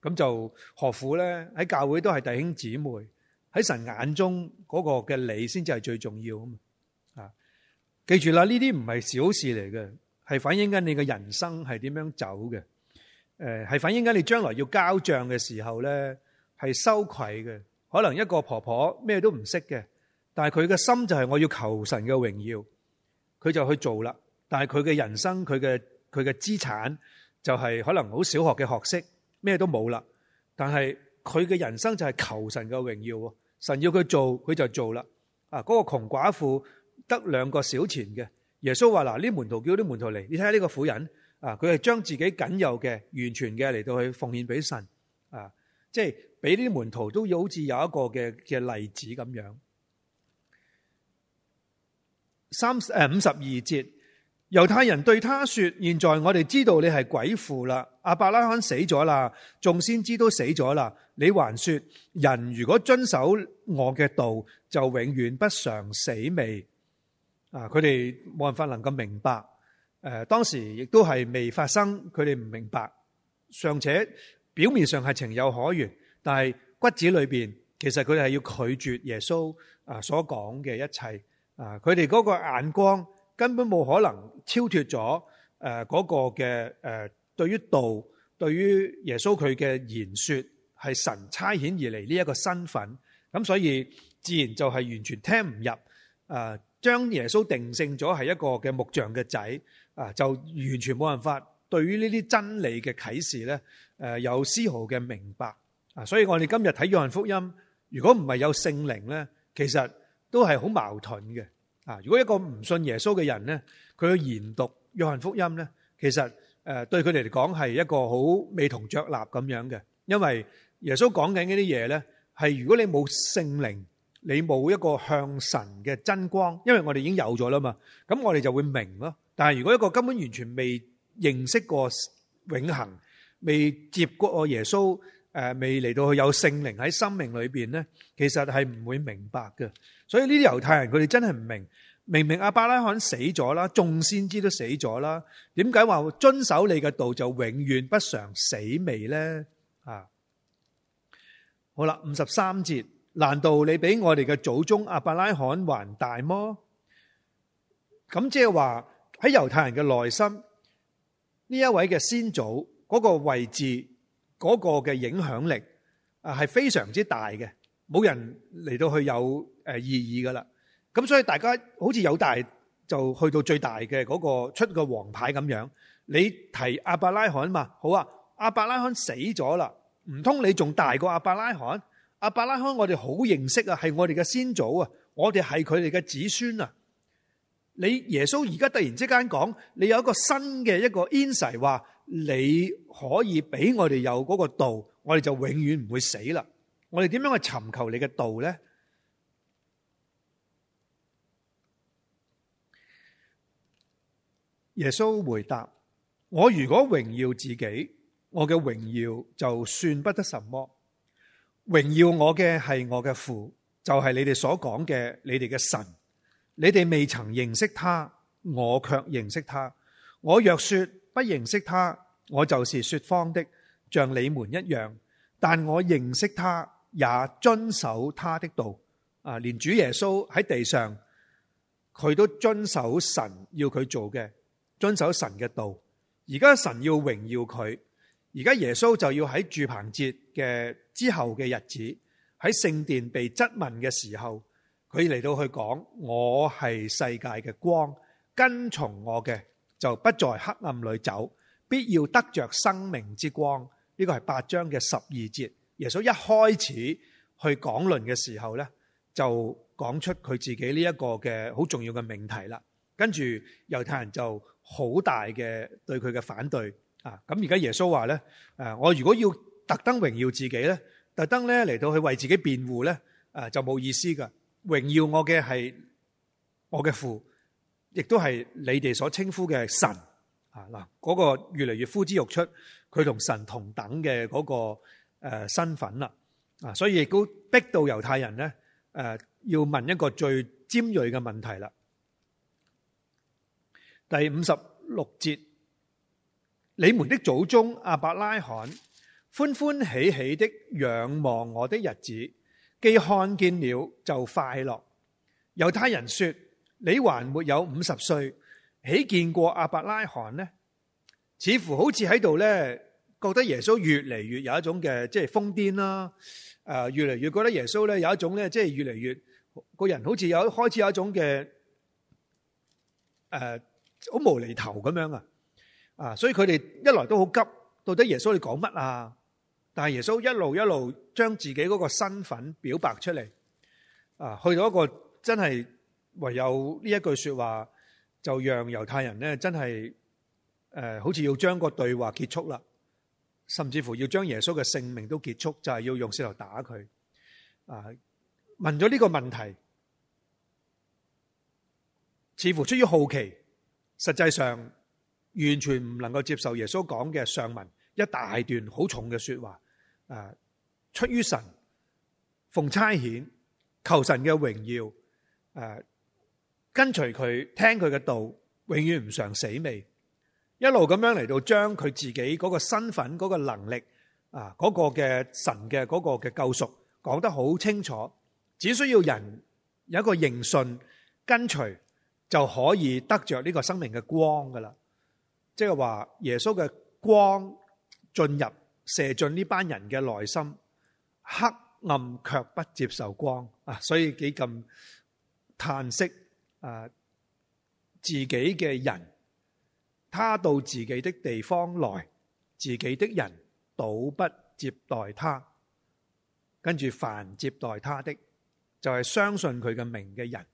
S1: 咁、啊、就何苦咧？喺教會都係弟兄姊妹，喺神眼中嗰個嘅你先至係最重要啊嘛。記住啦，呢啲唔係小事嚟嘅，係反映緊你嘅人生係點樣走嘅。誒，係反映緊你將來要交賬嘅時候咧，係羞愧嘅。可能一個婆婆咩都唔識嘅，但係佢嘅心就係我要求神嘅榮耀，佢就去做啦。但係佢嘅人生，佢嘅佢嘅資產就係可能好小學嘅學識，咩都冇啦。但係佢嘅人生就係求神嘅榮耀。神要佢做，佢就做啦。啊，嗰個窮寡婦。得兩個小錢嘅耶穌話：嗱，呢門徒叫啲門徒嚟，你睇下呢個婦人啊，佢係將自己僅有嘅完全嘅嚟到去奉獻俾神啊，即係俾呢啲門徒都有好似有一個嘅嘅例子咁樣。三五十二節，猶太人對他說：，現在我哋知道你係鬼附啦，阿伯拉罕死咗啦，眾先知都死咗啦，你還說人如果遵守我嘅道，就永遠不嘗死味。」啊！佢哋冇辦法能夠明白，誒、啊，當時亦都係未發生，佢哋唔明白，尚且表面上係情有可原，但係骨子裏邊，其實佢哋係要拒絕耶穌啊所講嘅一切啊！佢哋嗰個眼光根本冇可能超脫咗誒嗰個嘅誒、啊、對於道、對於耶穌佢嘅言說係神差遣而嚟呢一個身份，咁所以自然就係完全聽唔入誒。啊將耶穌定性咗係一個嘅木匠嘅仔啊，就完全冇辦法對於呢啲真理嘅啟示咧，誒有絲毫嘅明白啊！所以我哋今日睇約翰福音，如果唔係有聖靈咧，其實都係好矛盾嘅啊！如果一個唔信耶穌嘅人咧，佢去研讀約翰福音咧，其實誒對佢哋嚟講係一個好未同着立咁樣嘅，因為耶穌講緊呢啲嘢，咧，係如果你冇聖靈。你冇一個向神嘅真光，因為我哋已經有咗啦嘛，咁我哋就會明咯。但係如果一個根本完全未認識過永恆，未接受過耶穌，誒，未嚟到有聖靈喺生命裏邊咧，其實係唔會明白嘅。所以呢啲猶太人佢哋真係唔明，明明亞伯拉罕死咗啦，眾先知都死咗啦，點解話遵守你嘅道就永遠不嘗死味咧？啊，好啦，五十三節。難道你比我哋嘅祖宗亞伯拉罕還大麼？咁即係話喺猶太人嘅內心，呢一位嘅先祖嗰個位置，嗰個嘅影響力啊係非常之大嘅，冇人嚟到去有誒意義噶啦。咁所以大家好似有大就去到最大嘅嗰個出個皇牌咁樣，你提亞伯拉罕嘛？好啊，亞伯拉罕死咗啦，唔通你仲大過亞伯拉罕？阿伯拉罕我們我們，我哋好認識啊，係我哋嘅先祖啊，我哋係佢哋嘅子孫啊。你耶穌而家突然之間講，你有一個新嘅一個 insight，話你可以俾我哋有嗰個道，我哋就永遠唔會死啦。我哋點樣去尋求你嘅道咧？耶穌回答：我如果榮耀自己，我嘅榮耀就算不得什麼。榮耀我嘅係我嘅父，就係你哋所講嘅，你哋嘅神。你哋未曾認識他，我卻認識他。我若說不認識他，我就是說謊的，像你們一樣。但我認識他，也遵守他的道。啊，連主耶穌喺地上，佢都遵守神要佢做嘅，遵守神嘅道。而家神要榮耀佢。而家耶穌就要喺住棚節嘅之後嘅日子，喺聖殿被質問嘅時候，佢嚟到去講：我係世界嘅光，跟從我嘅就不在黑暗裏走，必要得着生命之光。呢個係八章嘅十二節。耶穌一開始去講論嘅時候呢，就講出佢自己呢一個嘅好重要嘅命題啦。跟住猶太人就好大嘅對佢嘅反對。啊，咁而家耶穌話咧，誒，我如果要特登榮耀自己咧，特登咧嚟到去為自己辯護咧，誒，就冇意思噶。榮耀我嘅係我嘅父，亦都係你哋所稱呼嘅神。啊嗱，嗰個越嚟越呼之欲出，佢同神同等嘅嗰個誒身份啦。啊，所以亦都逼到猶太人咧，誒，要問一個最尖銳嘅問題啦。第五十六節。你們的祖宗阿伯拉罕歡歡喜喜的仰望我的日子，既看見了就快樂。猶太人說：你還沒有五十歲，豈見過阿伯拉罕呢？似乎好似喺度咧，覺得耶穌越嚟越有一種嘅，即係瘋癲啦。誒，越嚟越覺得耶穌咧有一種咧，即係越嚟越個人好似有開始有一種嘅，誒、呃，好無厘頭咁樣啊！啊！所以佢哋一來都好急，到底耶穌你講乜啊？但係耶穌一路一路將自己嗰個身份表白出嚟，啊，去到一個真係唯有呢一句說話，就讓猶太人咧真係誒、呃，好似要將個對話結束啦，甚至乎要將耶穌嘅性命都結束，就係、是、要用石頭打佢。啊，問咗呢個問題，似乎出於好奇，實際上。完全唔能夠接受耶穌講嘅上文一大段好重嘅說話，誒，出於神，奉差遣，求神嘅榮耀，誒，跟隨佢聽佢嘅道，永遠唔嘗死味，一路咁樣嚟到將佢自己嗰個身份、嗰個能力，啊，嗰個嘅神嘅嗰個嘅救贖講得好清楚，只需要人有一個認信跟隨，就可以得着呢個生命嘅光噶啦。即係話耶穌嘅光進入射進呢班人嘅內心，黑暗卻不接受光啊！所以幾咁嘆息啊，自己嘅人，他到自己的地方來，自己的人倒不接待他。跟住凡接待他的，就係相信佢嘅名嘅人。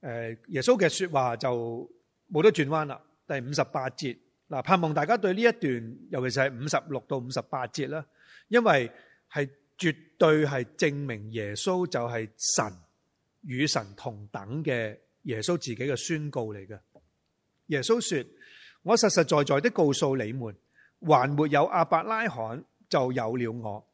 S1: 誒，耶穌嘅說話就冇得轉彎啦。第五十八節嗱，盼望大家對呢一段，尤其是係五十六到五十八節啦，因為係絕對係證明耶穌就係神與神同等嘅耶穌自己嘅宣告嚟嘅。耶穌說：我實實在在的告訴你們，還沒有亞伯拉罕就有了我。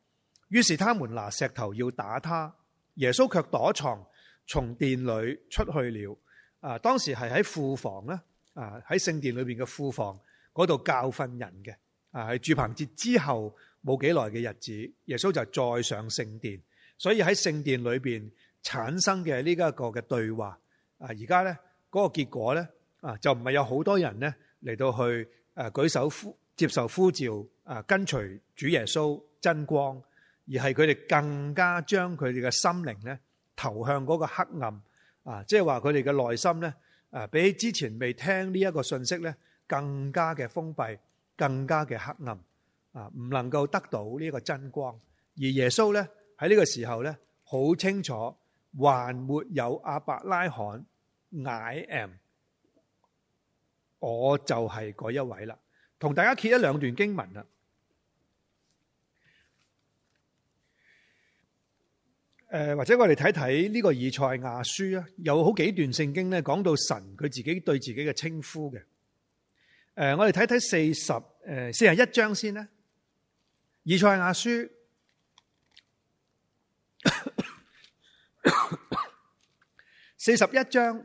S1: 於是他們拿石頭要打他，耶穌卻躲藏，從殿裏出去了。啊，當時係喺庫房呢啊！喺聖殿裏邊嘅庫房嗰度教訓人嘅，啊，喺住棚節之後冇幾耐嘅日子，耶穌就再上聖殿，所以喺聖殿裏邊產生嘅呢一個嘅對話，啊，而家咧嗰個結果咧，啊就唔係有好多人呢嚟到去誒，舉手呼接受呼召啊，跟隨主耶穌真光，而係佢哋更加將佢哋嘅心靈咧投向嗰個黑暗，啊，即係話佢哋嘅內心咧。啊！比之前未聽呢一個信息咧，更加嘅封閉，更加嘅黑暗，啊！唔能夠得到呢個真光。而耶穌咧喺呢個時候咧，好清楚，還沒有阿伯拉罕、I am，我就係嗰一位啦。同大家揭一兩段經文啦。誒，或者我哋睇睇呢個以賽亞書啊，有好幾段聖經咧講到神佢自己對自己嘅稱呼嘅。誒，我哋睇睇四十誒四十一章先啦。以賽亞書 四十一章，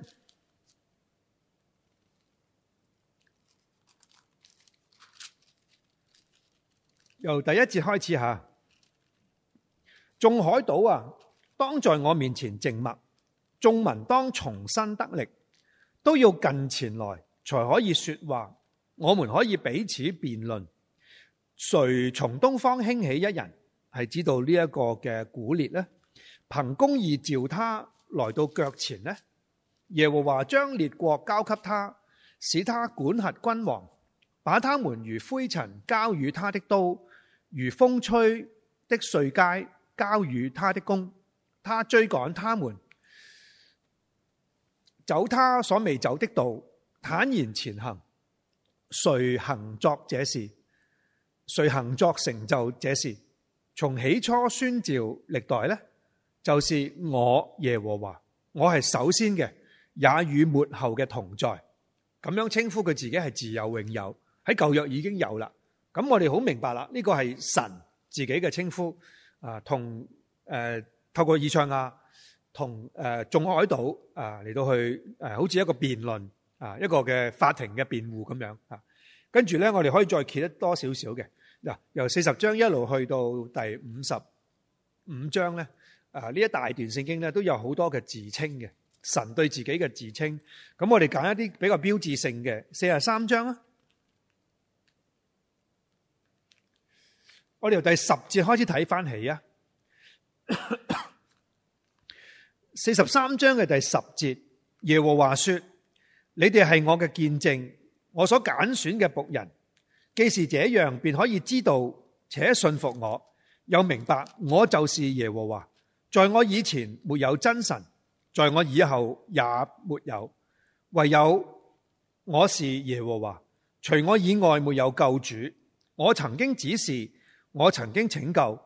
S1: 由第一節開始吓，眾海島啊！當在我面前靜默，眾民當重新得力，都要近前來才可以說話。我們可以彼此辯論，誰從東方興起一人，係知道呢一個嘅古列呢？憑公義召他來到腳前呢？耶和華將列國交給他，使他管轄君王，把他們如灰塵交與他的刀，如風吹的碎秸交與他的弓。他追趕他們，走他所未走的道，坦然前行。誰行作這事？誰行作成就這事？從起初宣召歷代咧，就是我耶和華，我係首先嘅，也與末後嘅同在。咁樣稱呼佢自己係自有永有，喺舊約已經有啦。咁我哋好明白啦，呢、這個係神自己嘅稱呼啊，同、呃、誒。呃透過以唱啊，同誒眾海島啊嚟到去誒，好似一個辯論啊，一個嘅法庭嘅辯護咁樣啊。跟住咧，我哋可以再揭得多少少嘅嗱，由四十章一路去到第五十五章咧啊，呢一大段聖經咧都有好多嘅自稱嘅神對自己嘅自稱。咁我哋揀一啲比較標誌性嘅四十三章啊，我哋由第十節開始睇翻起啊。四十三章嘅第十節，耶和華說：你哋係我嘅見證，我所揀選嘅僕人，既是這樣，便可以知道且信服我，又明白我就是耶和華。在我以前沒有真神，在我以後也沒有，唯有我是耶和華。除我以外沒有救主。我曾經指示，我曾經拯救，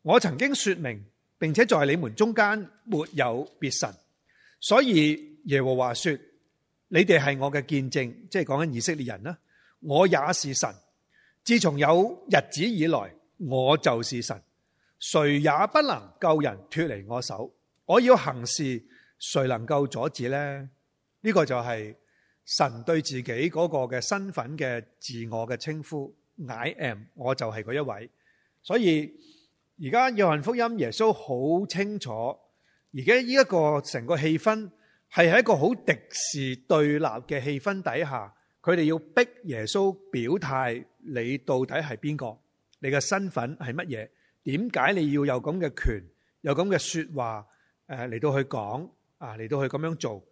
S1: 我曾經說明。並且在你們中間沒有別神，所以耶和華說：你哋係我嘅見證，即係講緊以色列人啦。我也是神，自從有日子以來，我就是神，誰也不能救人脱離我手。我要行事，誰能夠阻止呢？呢、這個就係神對自己嗰個嘅身份嘅自我嘅稱呼。I am，我就係嗰一位，所以。而家約翰福音耶穌好清楚，而家呢一個成個氣氛係喺一個好敵視對立嘅氣氛底下，佢哋要逼耶穌表態，你到底係邊個，你嘅身份係乜嘢？點解你要有咁嘅權，有咁嘅說話，誒嚟到去講啊，嚟到去咁樣做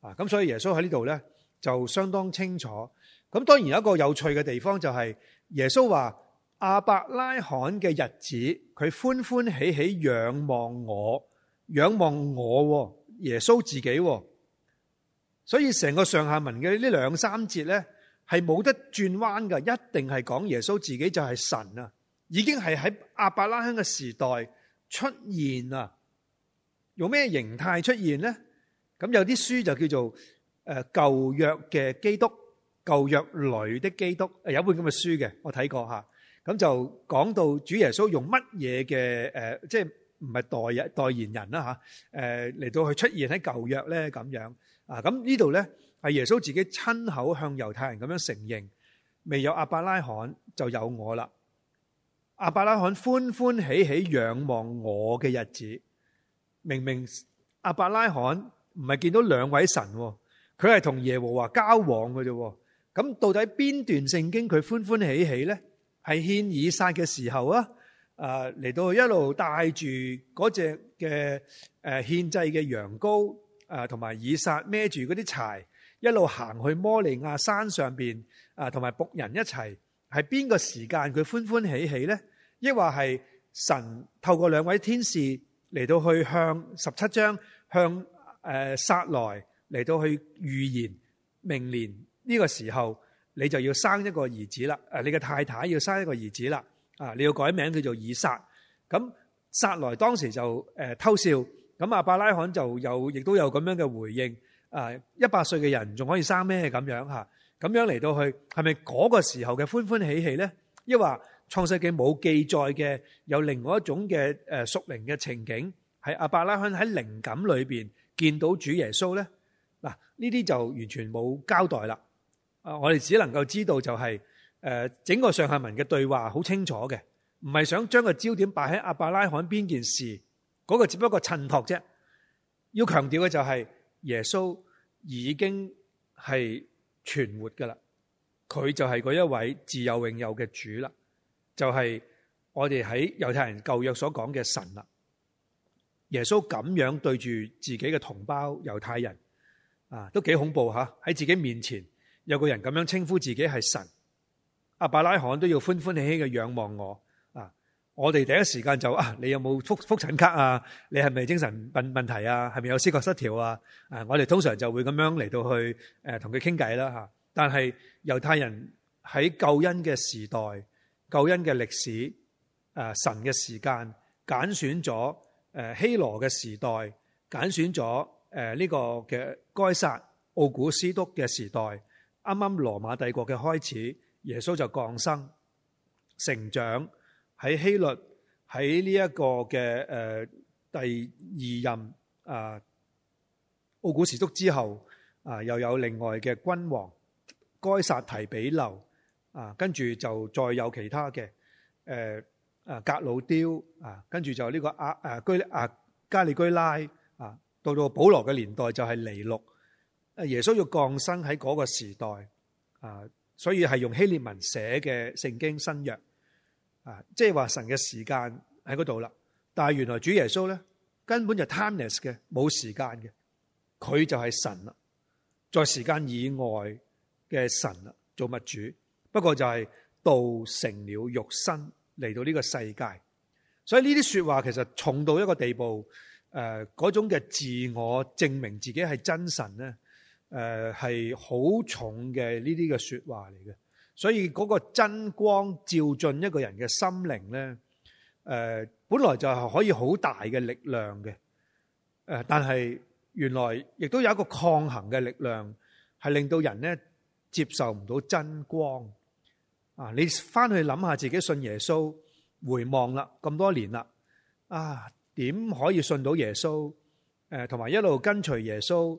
S1: 啊，咁所以耶穌喺呢度咧就相當清楚。咁當然有一個有趣嘅地方就係耶穌話。亞伯拉罕嘅日子，佢歡歡喜喜仰望我，仰望我耶穌自己。所以成個上下文嘅呢兩三節咧，係冇得轉彎噶，一定係講耶穌自己就係神啊，已經係喺亞伯拉罕嘅時代出現啊。用咩形態出現咧？咁有啲書就叫做誒舊約嘅基督，舊約裏的基督，誒有本咁嘅書嘅，我睇過吓。咁就講到主耶穌用乜嘢嘅，誒，即係唔係代人代言人啦，吓，誒、啊、嚟、呃、到去出現喺舊約咧咁樣啊。咁呢度咧係耶穌自己親口向猶太人咁樣承認，未有阿伯拉罕就有我啦。阿伯拉罕歡歡喜喜仰望我嘅日子，明明阿伯拉罕唔係見到兩位神，佢係同耶和華交往嘅啫。咁到底邊段聖經佢歡歡喜喜咧？係獻以撒嘅時候啊，誒，嚟到一路帶住嗰隻嘅誒獻祭嘅羊羔，誒同埋以撒孭住嗰啲柴，一路行去摩利亞山上邊，啊同埋僕人一齊，係邊個時間佢歡歡喜喜咧？抑或係神透過兩位天使嚟到去向十七章向誒撒來嚟到去預言明年呢個時候？你就要生一個兒子啦，誒，你嘅太太要生一個兒子啦，啊，你要改名叫做以撒。咁撒來當時就誒偷笑，咁阿伯拉罕就有亦都有咁樣嘅回應，啊，一百歲嘅人仲可以生咩咁樣吓？咁樣嚟到去係咪嗰個時候嘅歡歡喜喜咧？抑或創世紀冇記載嘅有另外一種嘅誒屬靈嘅情景，係阿伯拉罕喺靈感裏邊見到主耶穌咧？嗱，呢啲就完全冇交代啦。啊！我哋只能夠知道就係誒，整個上下文嘅對話好清楚嘅，唔係想將個焦點擺喺亞伯拉罕邊件事，嗰個只不過襯托啫。要強調嘅就係耶穌已經係存活噶啦，佢就係嗰一位自有永有嘅主啦，就係我哋喺猶太人舊約所講嘅神啦。耶穌咁樣對住自己嘅同胞猶太人啊，都幾恐怖吓，喺自己面前，有個人咁樣稱呼自己係神，阿伯拉罕都要歡歡喜喜嘅仰望我啊！我哋第一時間就啊，你有冇覆覆診卡啊？你係咪精神問問題啊？係咪有思覺失調啊？啊！我哋通常就會咁樣嚟到去誒同佢傾偈啦嚇。但係猶太人喺救恩嘅時代、救恩嘅歷史、誒神嘅時間，揀選咗誒希羅嘅時代，揀選咗誒呢個嘅該撒奧古斯都嘅時代。啱啱羅馬帝國嘅開始，耶穌就降生、成長，喺希律喺呢一個嘅誒、呃、第二任啊奧、呃、古斯督之後，啊、呃、又有另外嘅君王該撒提比流啊，跟住就再有其他嘅誒啊格魯雕，啊，跟住就呢個阿啊居啊加利居拉啊，到到保羅嘅年代就係尼禄。誒，耶穌要降生喺嗰個時代啊，所以係用希列文寫嘅聖經新約啊，即係話神嘅時間喺嗰度啦。但係原來主耶穌咧根本就 timeless 嘅，冇時間嘅，佢就係神啦，在時間以外嘅神啦，造物主。不過就係道成了肉身嚟到呢個世界，所以呢啲說話其實重到一個地步，誒、呃，嗰種嘅自我證明自己係真神咧。誒，係好、呃、重嘅呢啲嘅說話嚟嘅，所以嗰個真光照進一個人嘅心靈咧，誒、呃，本來就係可以好大嘅力量嘅，誒、呃，但係原來亦都有一個抗衡嘅力量，係令到人咧接受唔到真光啊！你翻去諗下自己信耶穌，回望啦，咁多年啦，啊，點可以信到耶穌？誒、啊，同埋一路跟隨耶穌。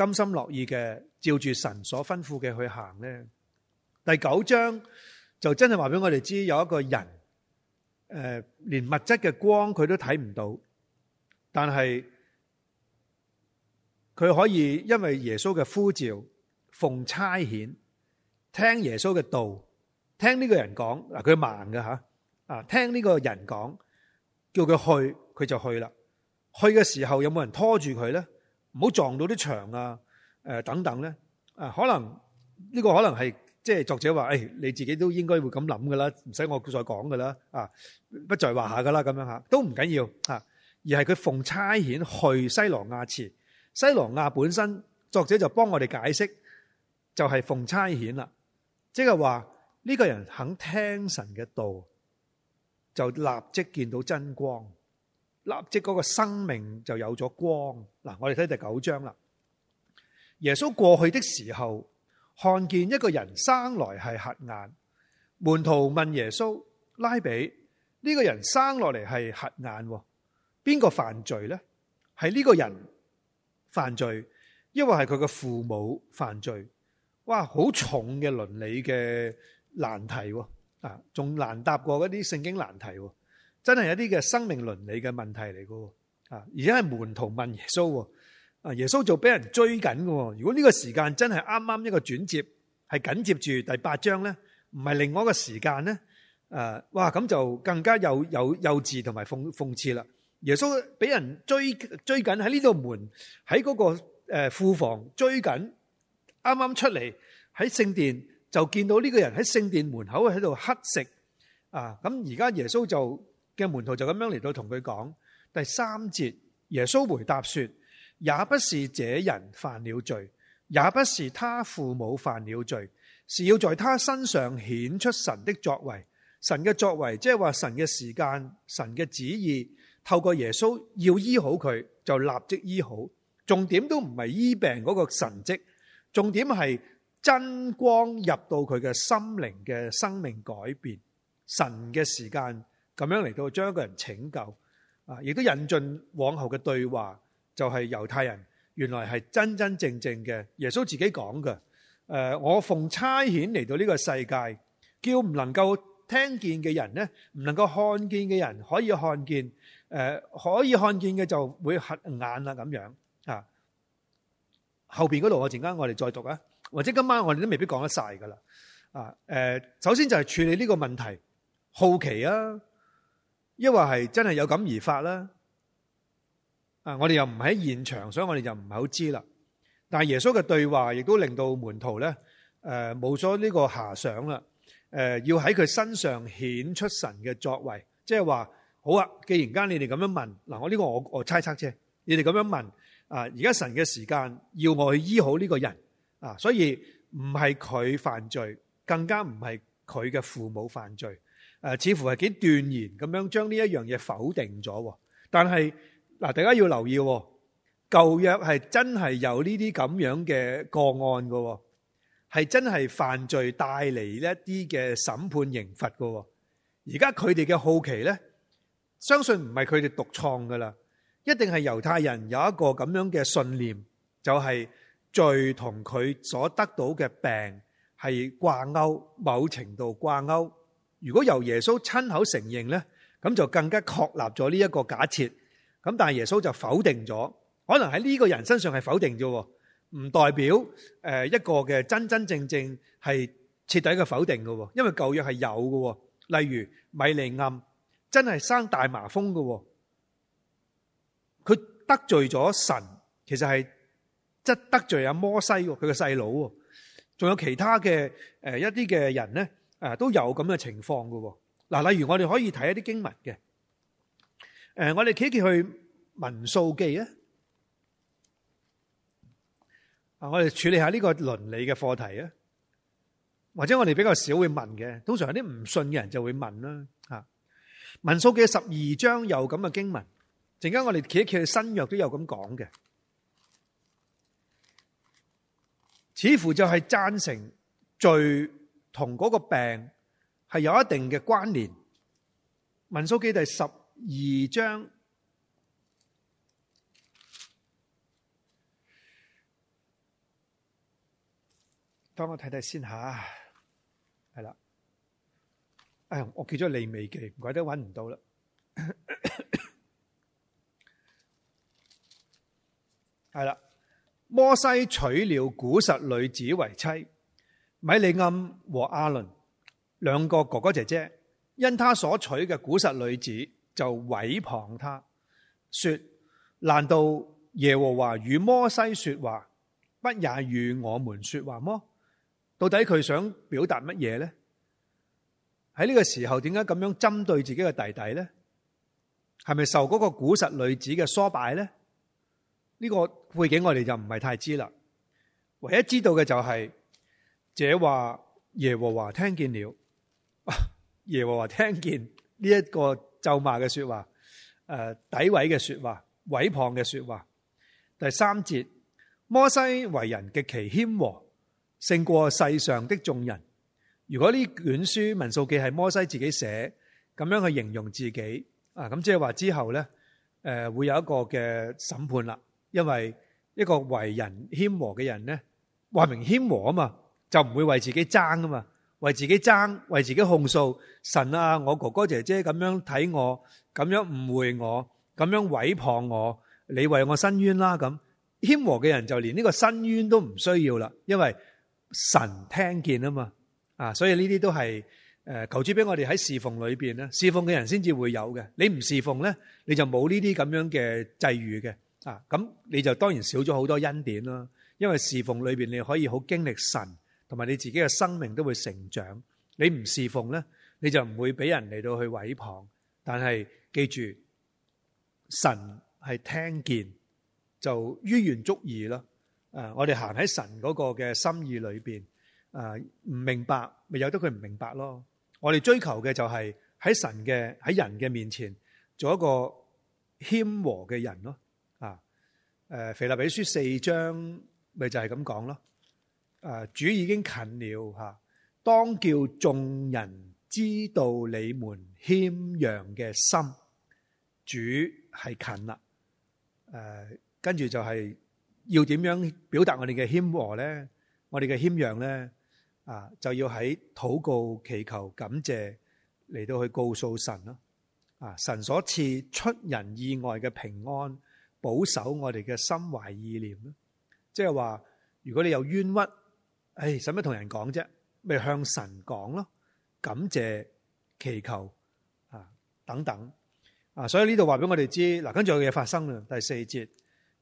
S1: 甘心樂意嘅，照住神所吩咐嘅去行咧。第九章就真係話俾我哋知，有一個人，誒、呃，連物質嘅光佢都睇唔到，但係佢可以因為耶穌嘅呼召，奉差遣，聽耶穌嘅道，聽呢個人講嗱，佢盲嘅吓啊，聽呢個人講，叫佢去，佢就去啦。去嘅時候有冇人拖住佢咧？唔好撞到啲牆啊！呃、等等咧、啊，可能呢、呢個可能係即係作者話：，誒、哎、你自己都應該會咁諗噶啦，唔使我再講噶啦，啊不在話下噶啦咁樣嚇，都唔緊要，緊要、啊、而係佢奉差遣去西羅亞池。西羅亞本身作者就幫我哋解釋，就係、是、奉差遣啦。即係話呢個人肯聽神嘅道，就立即見到真光。立即嗰個生命就有咗光。嗱，我哋睇第九章啦。耶穌過去的時候，看見一個人生來係瞎眼，門徒問耶穌拉比：呢個人生落嚟係瞎眼，邊個犯罪呢？係呢個人犯罪，因為係佢嘅父母犯罪。哇，好重嘅倫理嘅難題啊，仲難答過嗰啲聖經難題。真係有啲嘅生命倫理嘅問題嚟噶，啊！而家係門徒問耶穌，啊，耶穌就俾人追緊喎。如果呢個時間真係啱啱一個轉折，係緊接住第八章咧，唔係另外一個時間咧，誒，哇！咁就更加有幼幼稚同埋諷諷刺啦。耶穌俾人追追緊喺呢度門，喺嗰個誒庫房追緊，啱啱出嚟喺聖殿就見到呢個人喺聖殿門口喺度乞食，啊！咁而家耶穌就。嘅門徒就咁樣嚟到同佢講，第三節耶穌回答說：也不是這人犯了罪，也不是他父母犯了罪，是要在他身上顯出神的作為。神嘅作為即係話神嘅時間、神嘅旨意，透過耶穌要醫好佢，就立即醫好。重點都唔係醫病嗰個神跡，重點係真光入到佢嘅心靈嘅生命改變。神嘅時間。咁樣嚟到將一個人拯救，啊！亦都引進往後嘅對話，就係猶太人原來係真真正正嘅耶穌自己講嘅。誒，我奉差遣嚟到呢個世界，叫唔能夠聽見嘅人咧，唔能夠看見嘅人可以看見，誒可以看見嘅就會合眼啦咁樣啊。後邊嗰度我陣間我哋再讀啊，或者今晚我哋都未必講得晒噶啦。啊誒，首先就係處理呢個問題，好奇啊～因為係真係有感而發啦，啊，我哋又唔喺現場，所以我哋就唔係好知啦。但係耶穌嘅對話亦都令到門徒咧，誒，冇咗呢個遐想啦。誒，要喺佢身上顯出神嘅作為，即係話，好啊，既然間你哋咁樣問，嗱，我呢個我我猜測啫，你哋咁樣問，啊，而家神嘅時間要我去醫好呢個人啊，所以唔係佢犯罪，更加唔係佢嘅父母犯罪。誒，似乎係幾斷言咁樣將呢一樣嘢否定咗喎。但係嗱，大家要留意喎，舊約係真係有呢啲咁樣嘅個案嘅，係真係犯罪帶嚟一啲嘅審判刑罰嘅。而家佢哋嘅好奇咧，相信唔係佢哋獨創㗎啦，一定係猶太人有一個咁樣嘅信念，就係罪同佢所得到嘅病係掛鈎，某程度掛鈎。如果由耶穌親口承認咧，咁就更加確立咗呢一個假設。咁但係耶穌就否定咗，可能喺呢個人身上係否定啫，唔代表誒一個嘅真真正正係徹底嘅否定嘅。因為舊約係有嘅，例如米利暗真係生大麻風嘅，佢得罪咗神，其實係即得罪阿摩西喎，佢嘅細佬喎，仲有其他嘅誒一啲嘅人咧。誒，都有咁嘅情況㗎，嗱，例如我哋可以睇一啲經文嘅，誒，我哋企企去民數記啊，啊，我哋處理下呢個倫理嘅課題啊，或者我哋比較少會問嘅，通常有啲唔信嘅人就會問啦，吓，民數記十二章有咁嘅經文，陣間我哋企企去新約都有咁講嘅，似乎就係贊成罪。同嗰個病係有一定嘅關聯。民數記第十二章，等我睇睇先吓，係啦。誒、哎，我記咗利未記，唔怪得揾唔到啦。係啦， 摩西娶了古實女子為妻。米利暗和阿倫兩個哥哥姐姐，因他所娶嘅古實女子就毀謗他說：難道耶和華與摩西說話，不也與我們說話麼？到底佢想表達乜嘢呢？喺呢個時候點解咁樣針對自己嘅弟弟呢？係咪受嗰個古實女子嘅唆擺呢？呢個背景我哋就唔係太知啦。唯一知道嘅就係。這話耶和華聽見了，啊、耶和華聽見呢一個咒罵嘅說話，誒詆毀嘅說話，毀謗嘅說話。第三節，摩西為人極其謙和，勝過世上的眾人。如果呢卷書民數記係摩西自己寫，咁樣去形容自己啊，咁即係話之後咧，誒、呃、會有一個嘅審判啦，因為一個為人謙和嘅人咧，話明謙和啊嘛。就唔會為自己爭噶嘛，為自己爭，為自己控訴。神啊，我哥哥姐姐咁樣睇我，咁樣誤會我，咁樣毀謗我，你為我申冤啦咁。謙和嘅人就連呢個申冤都唔需要啦，因為神聽見啊嘛啊，所以呢啲都係誒求主俾我哋喺侍奉裏邊咧，侍奉嘅人先至會有嘅。你唔侍奉咧，你就冇呢啲咁樣嘅際遇嘅啊，咁你就當然少咗好多恩典啦，因為侍奉裏邊你可以好經歷神。同埋你自己嘅生命都會成長。你唔侍奉咧，你就唔會俾人嚟到去毀謗。但係記住，神係聽見就於願足矣咯。誒，我哋行喺神嗰個嘅心意裏邊，誒唔明白咪由得佢唔明白咯。我哋追求嘅就係喺神嘅喺人嘅面前做一個謙和嘅人咯。啊，誒，腓立比書四章咪就係咁講咯。誒，主已經近了吓，當叫眾人知道你們謙讓嘅心，主係近啦。誒、呃，跟住就係要點樣表達我哋嘅謙和咧？我哋嘅謙讓咧，啊，就要喺禱告、祈求、感謝嚟到去告訴神咯、啊。啊，神所賜出人意外嘅平安，保守我哋嘅心懷意念咯。即係話，如果你有冤屈。唉，使乜同人講啫？咪向神講咯，感謝、祈求啊等等啊！所以呢度話俾我哋知嗱，跟住有嘢發生啦。第四節，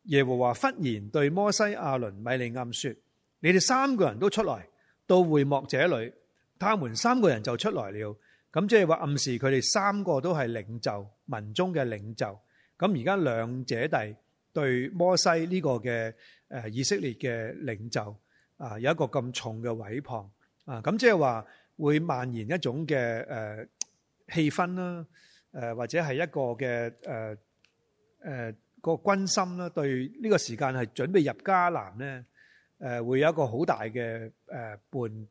S1: 耶和華忽然對摩西、亞倫、米利暗說：你哋三個人都出來到會幕這裏，他們三個人就出來了。咁即係話暗示佢哋三個都係領袖、民中嘅領袖。咁而家兩姐弟對摩西呢個嘅誒以色列嘅領袖。啊，有一個咁重嘅毀謗啊，咁即係話會蔓延一種嘅誒氣氛啦，誒或者係一個嘅誒誒個軍心啦，對呢個時間係準備入迦南咧，誒會有一個好大嘅誒絆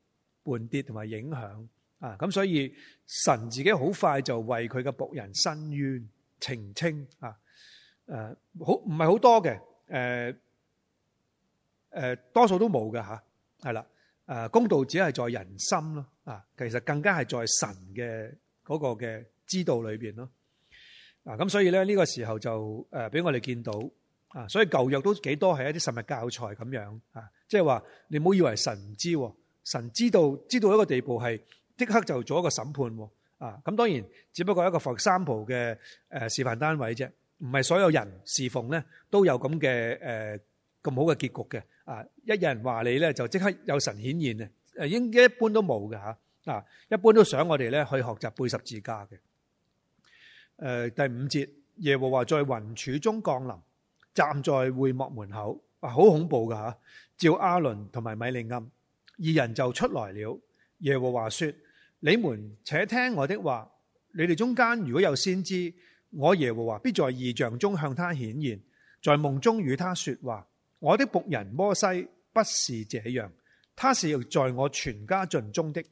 S1: 絆跌同埋影響啊，咁所以神自己好快就為佢嘅僕人申冤澄清啊，誒好唔係好多嘅誒。誒多數都冇㗎，係啦，誒公道只係在人心咯，啊，其實更加係在神嘅嗰個嘅知道裏面咯，啊，咁所以咧呢個時候就誒俾我哋見到，啊，所以舊約都幾多係一啲神嘅教材咁樣，啊，即係話你唔好以為神唔知，神知道知道一個地步係即刻就做一個審判喎，啊，咁當然只不過一個 for sample 嘅誒示範單位啫，唔係所有人侍奉咧都有咁嘅誒咁好嘅結局嘅。啊！一有人話你咧，就即刻有神顯現啊！應一般都冇嘅吓，啊，一般都想我哋咧去學習背十字架嘅。誒、呃，第五節，耶和華在雲柱中降臨，站在會幕門口，啊，好恐怖噶吓！召亞倫同埋米利暗二人就出來了。耶和華說：你們且聽我的話，你哋中間如果有先知，我耶和華必在異象中向他顯現，在夢中與他說話。我的僕人摩西不是這樣，他是在我全家盡忠的。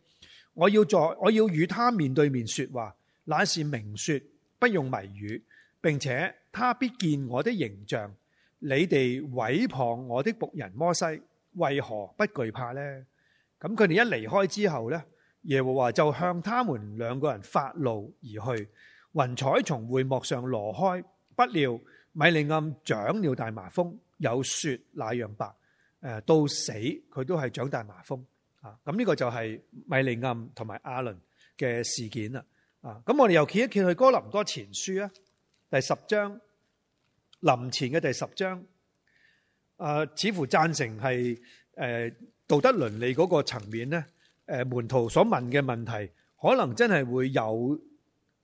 S1: 我要在，我要與他面對面說話，乃是明說，不用謎語，並且他必見我的形象。你哋毀謗我的僕人摩西，為何不懼怕呢？咁佢哋一離開之後呢，耶和華就向他們兩個人發怒而去。雲彩從會幕上挪開，不料米利暗長了大麻風。有雪那樣白，誒到死佢都係長大麻風啊！咁呢個就係米利暗同埋阿倫嘅事件啦，啊！咁我哋又揭一揭去哥林多前書啊，第十章臨前嘅第十章，呃，誒似乎贊成係誒、呃、道德倫理嗰個層面咧，誒門徒所問嘅問題，可能真係會有，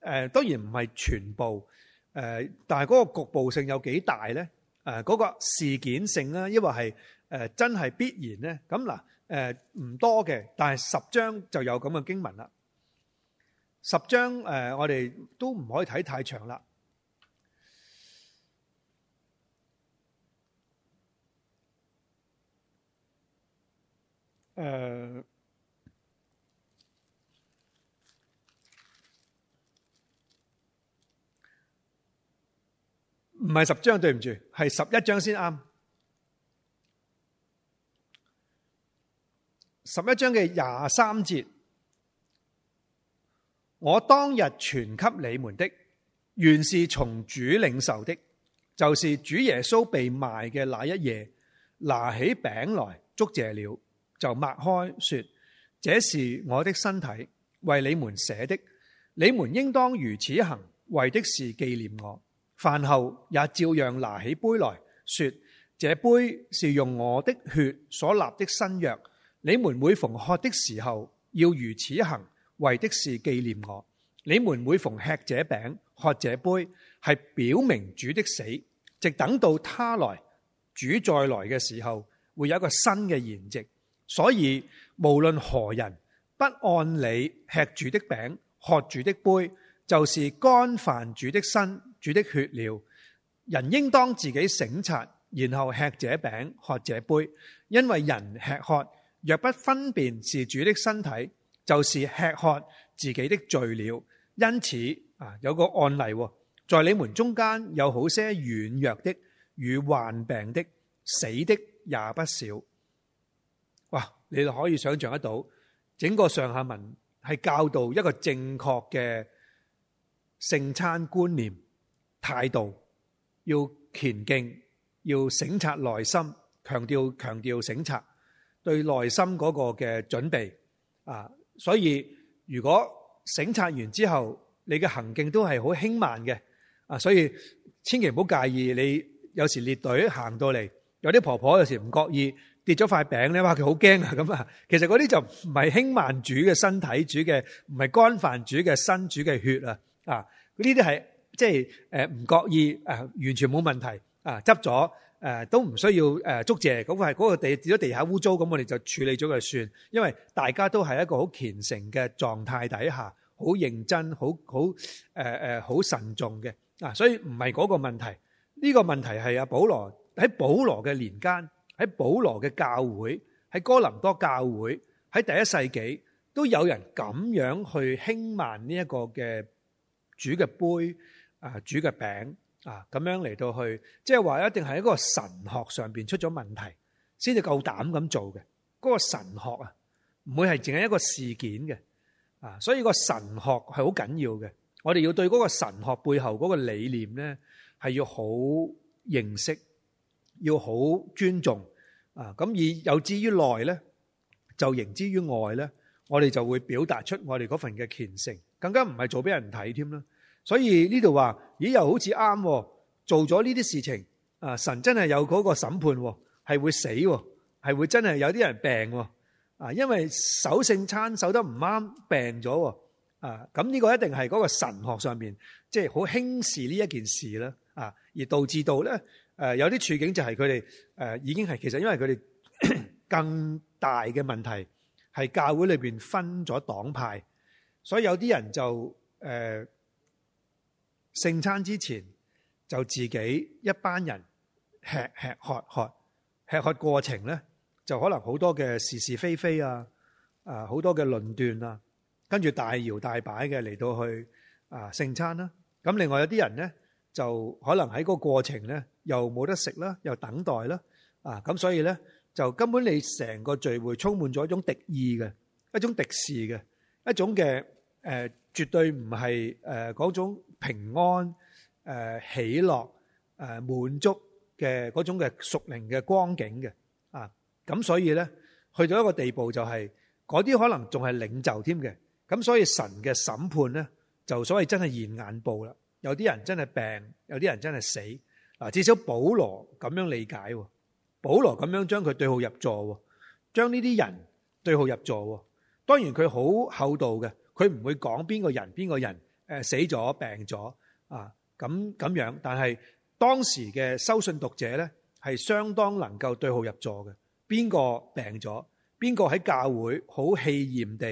S1: 呃，誒當然唔係全部，呃，誒但係嗰個局部性有幾大咧？誒，嗰個事件性啦，抑或係誒真係必然咧。咁嗱，誒唔多嘅，但係十章就有咁嘅經文啦。十章誒，我哋都唔可以睇太長啦。誒。唔係十章，對唔住，係十一章先啱。十一章嘅廿三節，我當日傳給你們的，原是從主領受的，就是主耶穌被賣嘅那一夜，拿起餅來，祝謝了，就擘開，說：這是我的身體，為你們捨的，你們應當如此行，為的是紀念我。飯後也照樣拿起杯來說：這杯是用我的血所立的新約。你們每逢喝的時候要如此行，為的是紀念我。你們每逢吃這餅、喝這杯，係表明主的死。直等到他來，主再來嘅時候，會有一個新嘅筵席。所以無論何人不按理吃主的餅、喝主的杯，就是干犯主的身，主的血了，人應當自己省察，然後吃這餅喝這杯，因為人吃喝若不分辨是主的身體，就是吃喝自己的罪了。因此啊，有個案例喎，在你們中間有好些軟弱的與患病的死的也不少。哇，你哋可以想象得到，整個上下文係教導一個正確嘅聖餐觀念。態度要虔敬，要省察內心，強調強調省察對內心嗰個嘅準備啊！所以如果省察完之後，你嘅行徑都係好輕慢嘅啊！所以千祈唔好介意，你有時列隊行到嚟，有啲婆婆有時唔覺意跌咗塊餅咧，哇！佢好驚啊咁啊！其實嗰啲就唔係輕慢主嘅身體主嘅，唔係干犯主嘅身主嘅血啊啊！呢啲係。即係誒唔覺意誒、呃、完全冇問題啊執咗誒都唔需要誒、呃、捉謝，咁係嗰個地跌咗地下污糟，咁我哋就處理咗就算，因為大家都係一個好虔誠嘅狀態底下好認真好好誒誒好慎重嘅啊，所以唔係嗰個問題呢、這個問題係阿保羅喺保羅嘅年間喺保羅嘅教會喺哥林多教會喺第一世紀都有人咁樣去輕慢呢一個嘅主嘅杯。啊，煮嘅餅啊，咁樣嚟到去，即係話一定係一個神學上邊出咗問題，先至夠膽咁做嘅。嗰個神學啊，唔會係淨係一個事件嘅啊，所以個神學係好緊要嘅。我哋要對嗰個神學背後嗰個理念咧，係要好認識，要好尊重啊。咁而有之於內咧，就形之於外咧，我哋就會表達出我哋嗰份嘅虔誠，更加唔係做俾人睇添啦。所以呢度話，咦，又好似啱、啊，做咗呢啲事情，啊，神真係有嗰個審判、啊，係會死、啊，係會真係有啲人病啊，啊，因為守聖餐守得唔啱，病咗、啊，啊，咁、這、呢個一定係嗰個神學上面，即係好輕視呢一件事啦、啊，啊，而導致到咧，誒、啊，有啲處境就係佢哋，誒、啊，已經係其實因為佢哋更大嘅問題係教會裏邊分咗黨派，所以有啲人就，誒、呃。聖餐之前就自己一班人吃吃喝喝，吃喝過程咧就可能好多嘅是是非非啊，啊，好多嘅論斷啊，跟住大搖大擺嘅嚟到去啊聖餐啦。咁另外有啲人咧就可能喺個過程咧又冇得食啦，又等待啦，啊，咁所以咧就根本你成個聚會充滿咗一種敵意嘅，一種敵視嘅，一種嘅誒。絕對唔係誒嗰種平安誒喜樂誒滿足嘅嗰種嘅屬靈嘅光景嘅啊，咁所以咧去到了一個地步就係嗰啲可能仲係領袖添嘅，咁所以神嘅審判咧就所謂真係現眼報啦，有啲人真係病，有啲人真係死嗱，至少保羅咁樣理解，保羅咁樣將佢對號入座，將呢啲人對號入座，當然佢好厚道嘅。佢唔會講邊個人邊個人誒死咗病咗啊咁咁樣，但係當時嘅收信讀者咧係相當能夠對號入座嘅，邊個病咗，邊個喺教會好氣焰地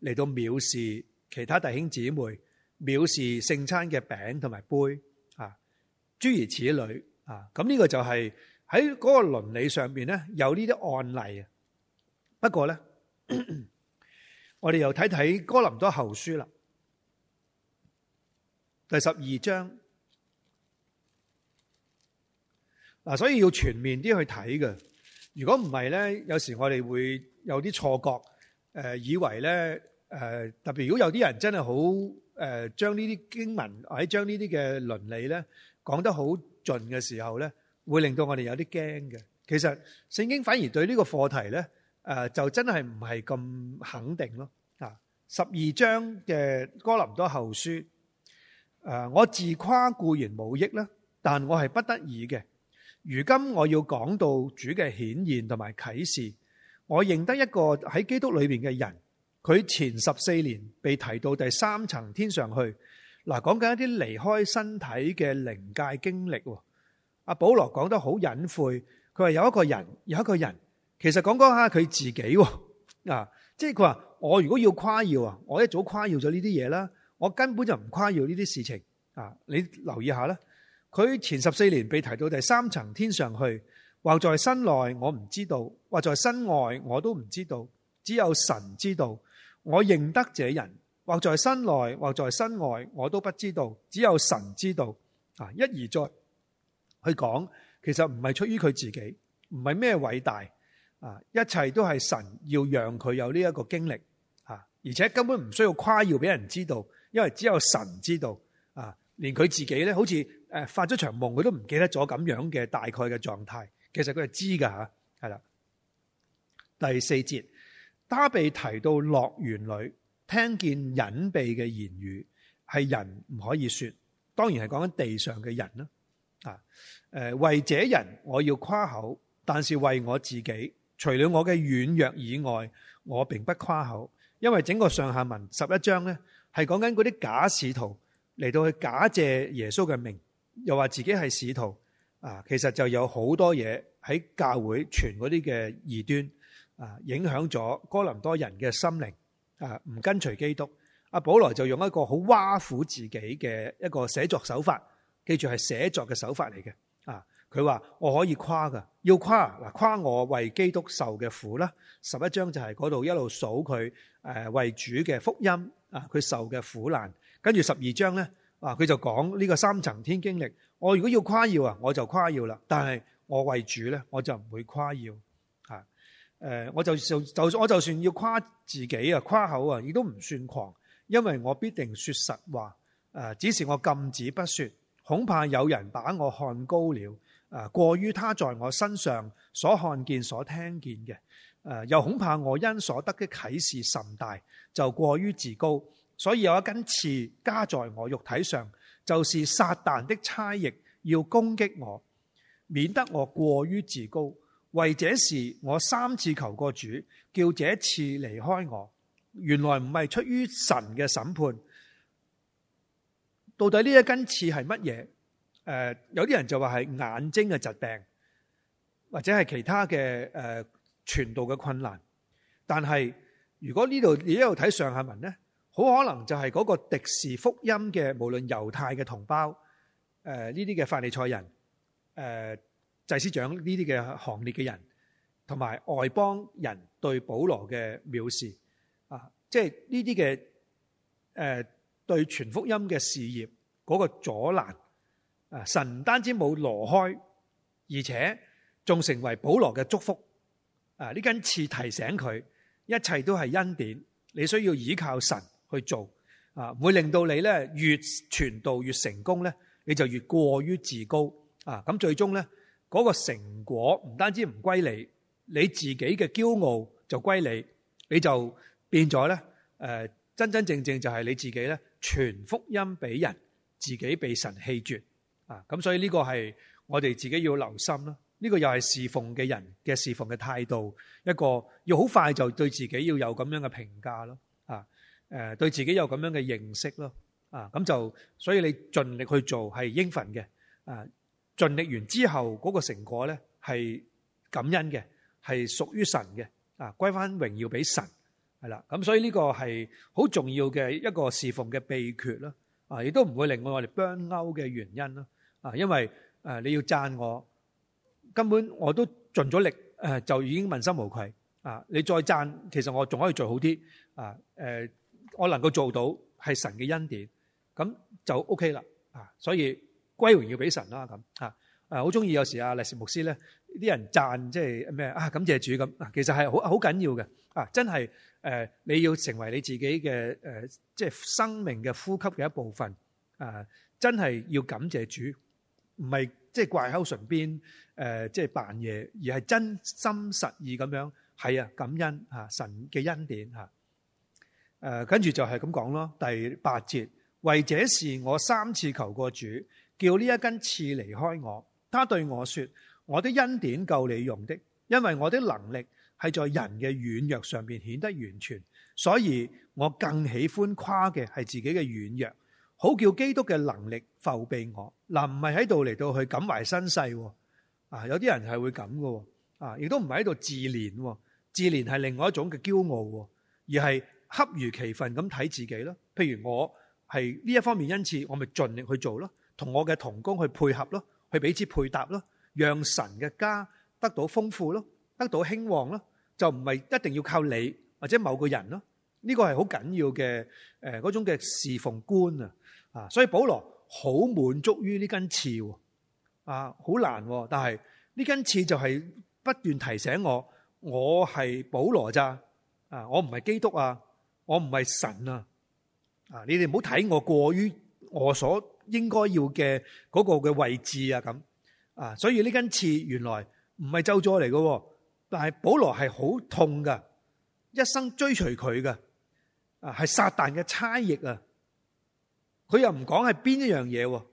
S1: 嚟到藐視其他弟兄姊妹，藐視聖餐嘅餅同埋杯啊，諸如此類啊，咁、這、呢個就係喺嗰個倫理上面咧有呢啲案例啊，不過咧。 我哋又睇睇哥林多後書啦，第十二章嗱，所以要全面啲去睇嘅。如果唔係咧，有時我哋會有啲錯覺，誒，以為咧，誒，特別如果有啲人真係好，誒，將呢啲經文或者將呢啲嘅倫理咧講得好盡嘅時候咧，會令到我哋有啲驚嘅。其實聖經反而對呢個課題咧。誒，就真係唔係咁肯定咯。啊，十二章嘅哥林多後書，誒，我自誇固然無益啦，但我係不得已嘅。如今我要講到主嘅顯現同埋啟示，我認得一個喺基督裏面嘅人，佢前十四年被提到第三層天上去。嗱，講緊一啲離開身體嘅靈界經歷，啊。阿保羅講得好隱晦，佢話有一個人，有一個人。其實講講下佢自己喎，啊，即係佢話，我如果要誇耀啊，我一早誇耀咗呢啲嘢，啦，我根本就唔誇耀呢啲事情啊。你留意下啦，佢前十四年被提到第三層天上去，或在身內我唔知道，或在身外我都唔知道，只有神知道。我認得這人，或在身內或在身外我都不知道，只有神知道。啊，一而再去講，其實唔係出於佢自己，唔係咩偉大。啊！一切都係神要讓佢有呢一個經歷啊，而且根本唔需要誇耀俾人知道，因為只有神知道啊。連佢自己咧，好似誒發咗場夢，佢都唔記得咗咁樣嘅大概嘅狀態。其實佢係知噶吓，係啦。第四節，他被提到樂園裏，聽見隱蔽嘅言語，係人唔可以說。當然係講緊地上嘅人啦。啊，誒為這人我要誇口，但是為我自己，除了我嘅軟弱以外，我並不誇口，因為整個上下文十一章咧係講緊嗰啲假使徒嚟到去假借耶穌嘅名，又話自己係使徒啊，其實就有好多嘢喺教會傳嗰啲嘅異端啊，影響咗哥林多人嘅心靈啊，唔跟隨基督。阿保羅就用一個好挖苦自己嘅一個寫作手法，記住係寫作嘅手法嚟嘅啊。佢話我可以誇噶，要誇嗱，誇我為基督受嘅苦啦。十一章就係嗰度一路數佢誒為主嘅福音啊，佢受嘅苦難。跟住十二章咧，啊佢就講呢個三層天經歷。我如果要誇耀啊，我就誇耀啦。但係我為主咧，我就唔會誇耀嚇。誒我就就我就算要誇自己啊，誇口啊，亦都唔算狂，因為我必定說實話。誒只是我禁止不說，恐怕有人把我看高了。啊，過於他在我身上所看見、所聽見嘅，誒，又恐怕我因所得的啟示甚大，就過於自高，所以有一根刺加在我肉體上，就是撒旦的差役要攻擊我，免得我過於自高。為這事，我三次求過主，叫這刺離開我。原來唔係出於神嘅審判。到底呢一根刺係乜嘢？誒，uh, 有啲人就話係眼睛嘅疾病，或者係其他嘅誒傳道嘅困難。但係如果呢度你一路睇上下文咧，好可能就係嗰個敵視福音嘅無論猶太嘅同胞，誒呢啲嘅法利賽人，誒、呃、祭司長呢啲嘅行列嘅人，同埋外邦人對保羅嘅藐視啊，即係呢啲嘅誒對傳福音嘅事業嗰、那個阻攔。啊！神唔單止冇挪開，而且仲成為保羅嘅祝福。啊！呢根刺提醒佢，一切都係恩典，你需要依靠神去做啊，會令到你咧越傳道越成功咧，你就越過於自高啊。咁最終咧嗰個成果唔單止唔歸你，你自己嘅驕傲就歸你，你就變咗咧。誒，真真正正就係你自己咧，傳福音俾人，自己被神棄絕。咁所以呢個係我哋自己要留心咯，呢個又係侍奉嘅人嘅侍奉嘅態度，一個要好快就對自己要有咁樣嘅評價咯，啊，誒，對自己有咁樣嘅認識咯，啊，咁就所以你盡力去做係應份嘅，啊，盡力完之後嗰個成果咧係感恩嘅，係屬於神嘅，啊，歸翻榮耀俾神，係啦，咁所以呢個係好重要嘅一個侍奉嘅秘訣啦，啊，亦都唔會令我哋 burn out 嘅原因啦。啊，因為誒你要讚我，根本我都盡咗力誒，就已經問心無愧啊！你再讚，其實我仲可以做好啲啊！誒，我能夠做到係神嘅恩典，咁就 OK 啦啊！所以歸榮要俾神啦咁啊！誒，好中意有時阿利士牧師咧，啲人讚即係咩啊？感謝主咁啊！其實係好好緊要嘅啊！真係誒，你要成為你自己嘅誒，即係生命嘅呼吸嘅一部分，真係要感謝主。唔係即係掛喺唇邊，誒，即係扮嘢，而係真心實意咁樣，係啊，感恩吓神嘅恩典吓。誒、啊，跟住就係咁講咯，第八節，為這事我三次求過主，叫呢一根刺離開我。他對我說：我的恩典夠你用的，因為我的能力係在人嘅軟弱上邊顯得完全，所以我更喜歡誇嘅係自己嘅軟弱。好叫基督嘅能力覆庇我。嗱，唔係喺度嚟到去感懷身世，啊，有啲人係會咁嘅，啊，亦都唔係喺度自憐，自憐係另外一種嘅驕傲，而係恰如其分咁睇自己咯。譬如我係呢一方面，因此我咪盡力去做咯，同我嘅同工去配合咯，去彼此配搭咯，讓神嘅家得到豐富咯，得到興旺咯，就唔係一定要靠你或者某個人咯。呢個係好緊要嘅，誒，嗰種嘅侍奉觀啊。啊，所以保羅好滿足於呢根刺，啊，好難，但係呢根刺就係不斷提醒我，我係保羅咋，啊，我唔係基督啊，我唔係神啊，啊，你哋唔好睇我過於我所應該要嘅嗰個嘅位置啊咁，啊，所以呢根刺原來唔係咒詛嚟喎。但係保羅係好痛噶，一生追隨佢噶，啊，係撒旦嘅差役啊。佢又唔講係邊一樣嘢喎？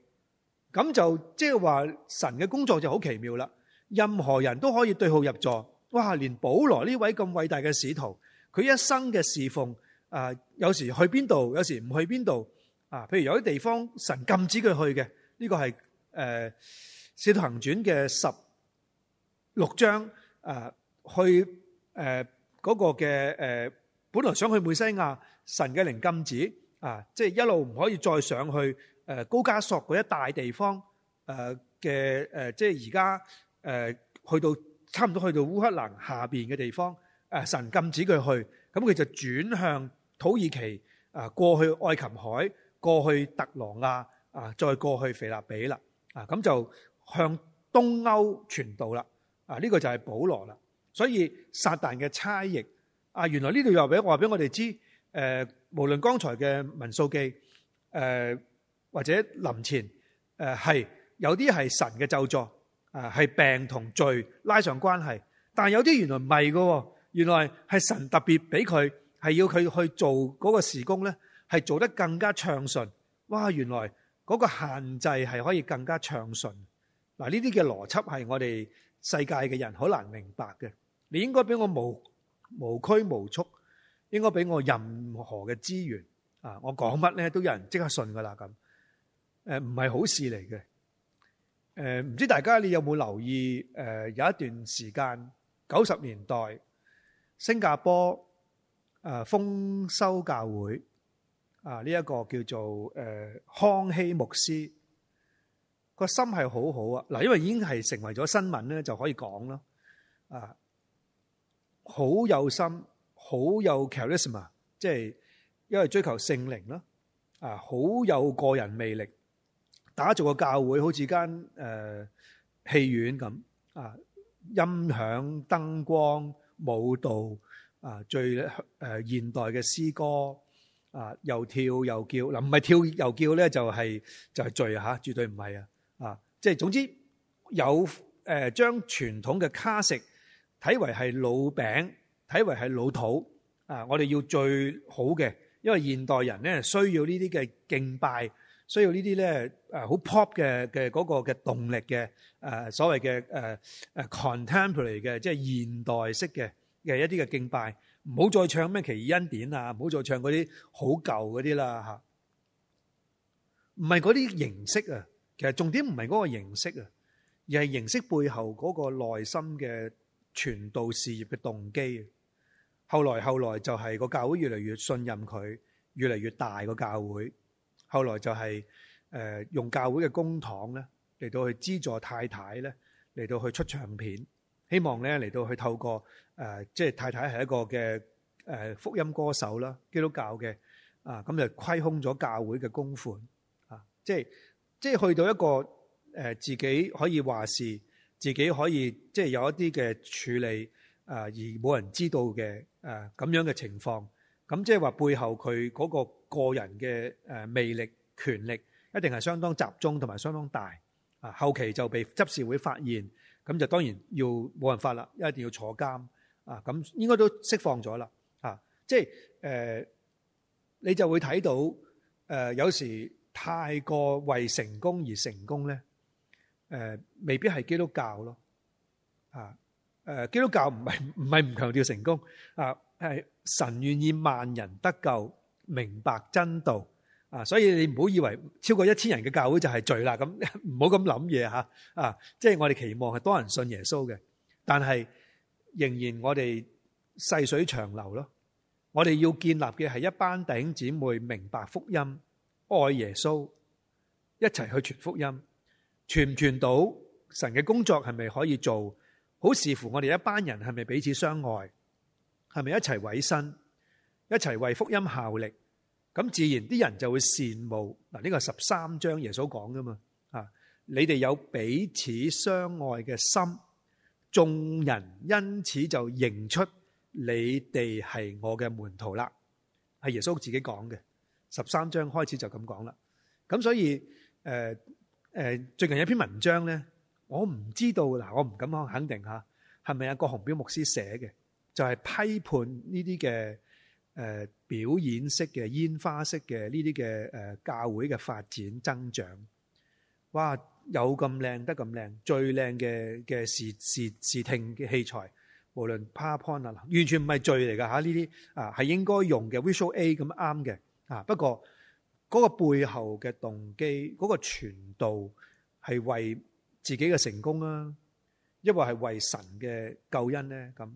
S1: 咁就即係話神嘅工作就好奇妙啦。任何人都可以對號入座。哇！連保羅呢位咁偉大嘅使徒，佢一生嘅侍奉啊，有時去邊度，有時唔去邊度啊？譬如有啲地方神禁止佢去嘅，呢個係誒《使徒行傳》嘅十六章啊，去誒嗰個嘅誒，本來想去梅西亞，神嘅靈禁止。啊，即係一路唔可以再上去誒高加索嗰一大地方誒嘅誒，即係而家誒去到差唔多去到烏克蘭下邊嘅地方，啊神禁止佢去，咁佢就轉向土耳其啊，過去愛琴海，過去特羅亞啊，再過去腓立比啦，啊咁就向東歐傳道啦，啊呢個就係保羅啦，所以撒旦嘅差役啊，原來呢度又俾我話俾我哋知。誒、呃，無論剛才嘅民數記，誒、呃、或者林前，誒、呃、係有啲係神嘅咒詛，啊、呃、係病同罪拉上關係，但有啲原來唔係噶，原來係神特別俾佢係要佢去做嗰個事工咧，係做得更加暢順。哇，原來嗰個限制係可以更加暢順。嗱、呃，呢啲嘅邏輯係我哋世界嘅人好難明白嘅。你應該俾我無無拘無束。應該俾我任何嘅資源啊！我講乜咧都有人即刻信噶啦咁。呃、唔係好事嚟嘅。誒、呃、唔知大家你有冇留意、呃？有一段時間九十年代新加坡誒豐收教會啊呢一個叫做、呃、康熙牧師個心係好好啊嗱，因為已經係成為咗新聞咧就可以講囉，啊、呃，好有心。好有 charisma，即係因為追求聖靈咯，啊好有個人魅力，打造個教會好似間誒、呃、戲院咁，啊音響、燈光、舞蹈，啊最誒、呃、現代嘅詩歌，啊又跳又叫，嗱唔係跳又叫咧就係、是、就係罪吓，絕對唔係啊，啊即係總之有誒將傳統嘅卡式睇為係老餅。睇為係老土啊！我哋要最好嘅，因為現代人咧需要呢啲嘅敬拜，需要呢啲咧好 pop 嘅嘅嗰個嘅動力嘅所謂嘅 contemporary 嘅，即係現代式嘅嘅一啲嘅敬拜。唔好再唱咩《奇異恩典》啊！唔好再唱嗰啲好舊嗰啲啦嚇。唔係嗰啲形式啊，其實重點唔係嗰個形式啊，而係形式背後嗰個內心嘅傳道事業嘅動機啊。後來，後來就係個教會越嚟越信任佢，越嚟越大個教會。後來就係用教會嘅公堂咧，嚟到去資助太太咧，嚟到去出唱片，希望咧嚟到去透過、呃、即係太太係一個嘅福音歌手啦，基督教嘅啊，咁就虧空咗教會嘅公款啊，即係即係去到一個自己可以話事，自己可以，即係有一啲嘅處理、呃、而冇人知道嘅。誒，咁樣嘅情況，咁即係話背後佢嗰個個人嘅、誒魅力、權力，一定係相當集中同埋相當大。啊，後期就被執事會發現，咁就當然要冇人法啦，一定要坐監。啊，咁應該都釋放咗啦，啊。即係誒、呃，你就會睇到誒、呃，有時太過為成功而成功咧，誒、呃，未必係基督教咯。啊。誒，基督教唔係唔係唔強調成功啊！係神願意萬人得救，明白真道啊！所以你唔好以為超過一千人嘅教會就係罪啦，咁唔好咁諗嘢吓啊！即係我哋期望係多人信耶穌嘅，但係仍然我哋細水長流咯。我哋要建立嘅係一班弟兄姊妹明白福音、愛耶穌，一齊去傳福音。傳唔傳到神嘅工作係咪可以做？好視乎我哋一班人係咪彼此相愛，係咪一齊委身，一齊為福音效力，咁自然啲人就會羨慕嗱。呢個十三章耶穌講㗎嘛，啊，你哋有彼此相愛嘅心，眾人因此就認出你哋係我嘅門徒啦，係耶穌自己講嘅，十三章開始就咁講啦。咁所以誒誒，最近有一篇文章咧。我唔知道嗱，我唔敢肯定吓，係咪阿郭鴻標牧師寫嘅就係、是、批判呢啲嘅誒表演式嘅煙花式嘅呢啲嘅誒教會嘅發展增長，哇！有咁靚得咁靚，最靚嘅嘅視視視聽嘅器材，無論 PowerPoint 啊，完全唔係罪嚟㗎吓，呢啲啊係應該用嘅 Visual A 咁啱嘅啊。不過嗰、那個背後嘅動機嗰、那個傳道係為自己嘅成功啊，抑或係為神嘅救恩咧咁，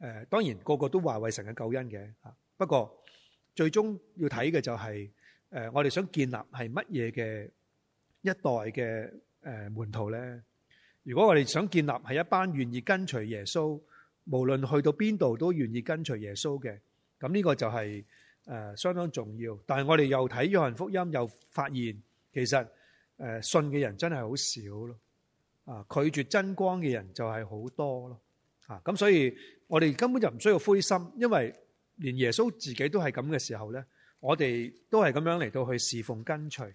S1: 誒，當然個個都話為神嘅救恩嘅吓，不過最終要睇嘅就係，誒，我哋想建立係乜嘢嘅一代嘅誒門徒咧？如果我哋想建立係一班願意跟隨耶穌，無論去到邊度都願意跟隨耶穌嘅，咁、這、呢個就係誒相當重要。但係我哋又睇約翰福音，又發現其實。誒信嘅人真係好少咯，啊拒絕真光嘅人就係好多咯，啊咁所以我哋根本就唔需要灰心，因為連耶穌自己都係咁嘅時候咧，我哋都係咁樣嚟到去侍奉跟隨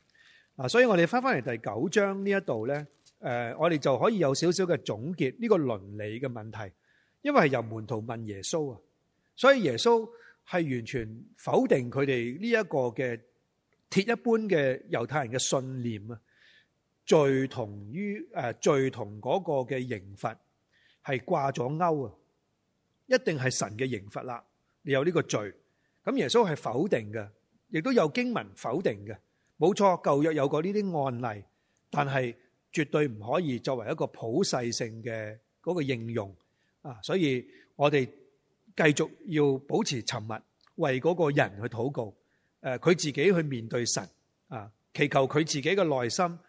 S1: 啊！所以我哋返返嚟第九章呢一度咧，誒我哋就可以有少少嘅總結呢個倫理嘅問題，因為係由門徒問耶穌啊，所以耶穌係完全否定佢哋呢一個嘅鐵一般嘅猶太人嘅信念啊！罪同於，誒罪同嗰個嘅刑罰係掛咗鈎啊，一定係神嘅刑罰啦。你有呢個罪，咁耶穌係否定嘅，亦都有經文否定嘅，冇錯。舊約有過呢啲案例，但係絕對唔可以作為一個普世性嘅嗰個應用啊。所以我哋繼續要保持沉默，為嗰個人去禱告，誒，佢自己去面對神啊，祈求佢自己嘅內心。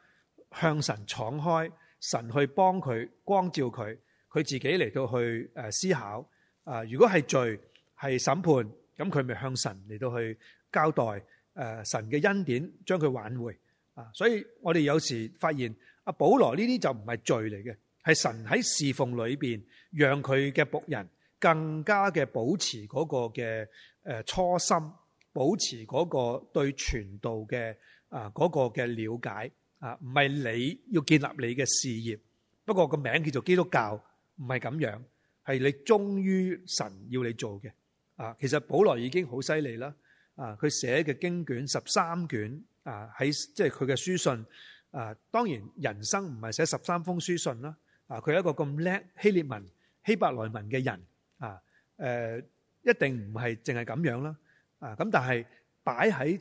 S1: 向神敞開，神去幫佢光照佢，佢自己嚟到去誒思考。啊，如果係罪係審判，咁佢咪向神嚟到去交代。誒，神嘅恩典將佢挽回。啊，所以我哋有時發現阿保羅呢啲就唔係罪嚟嘅，係神喺侍奉裏邊讓佢嘅僕人更加嘅保持嗰個嘅誒初心，保持嗰個對傳道嘅啊嗰個嘅了解。啊，唔係你要建立你嘅事業，不過個名叫做基督教，唔係咁樣，係你忠於神要你做嘅。啊，其實保羅已經好犀利啦。啊，佢寫嘅經卷十三卷，啊喺即係佢嘅書信。啊，當然人生唔係寫十三封書信啦。啊，佢係一個咁叻希列文、希伯來文嘅人。啊，誒，一定唔係淨係咁樣啦。啊，咁但係擺喺。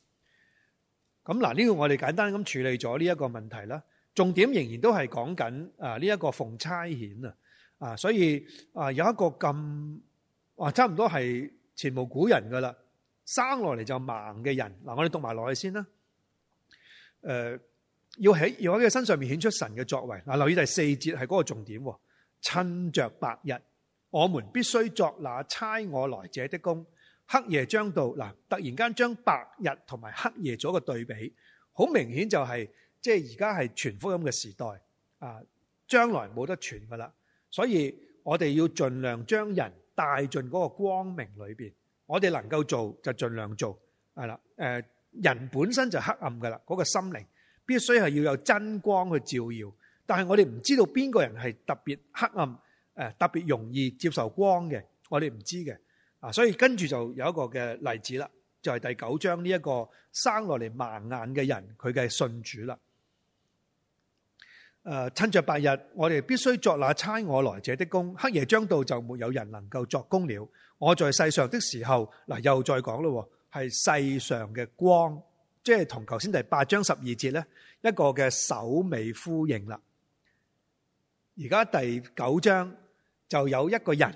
S1: 咁嗱，呢個我哋簡單咁處理咗呢一個問題啦。重點仍然都係講緊啊呢一個奉差遣啊啊，所以啊有一個咁哇差唔多係前無古人噶啦，生落嚟就盲嘅人嗱，我哋讀埋落去先啦。誒，要喺要喺佢身上面顯出神嘅作為嗱，留意第四節係嗰個重點喎。趁著白日，我們必須作那差我來者的工。黑夜將到，嗱，突然間將白日同埋黑夜做一個對比，好明顯就係、是、即係而家係傳福音嘅時代啊！將來冇得傳噶啦，所以我哋要盡量將人帶進嗰個光明裏面，我哋能夠做就盡量做，啦、呃。人本身就是黑暗噶啦，嗰、那個心靈必須係要有真光去照耀。但係我哋唔知道邊個人係特別黑暗，呃、特別容易接受光嘅，我哋唔知嘅。啊，所以跟住就有一個嘅例子啦，就係第九章呢一個生落嚟盲眼嘅人，佢嘅信主啦。誒，趁着白日，我哋必須作那差我來者的工。黑夜將到，就沒有人能夠作工了。我在世上的時候，嗱又再講咯，係世上嘅光，即係同頭先第八章十二節咧，一個嘅首尾呼應啦。而家第九章就有一個人。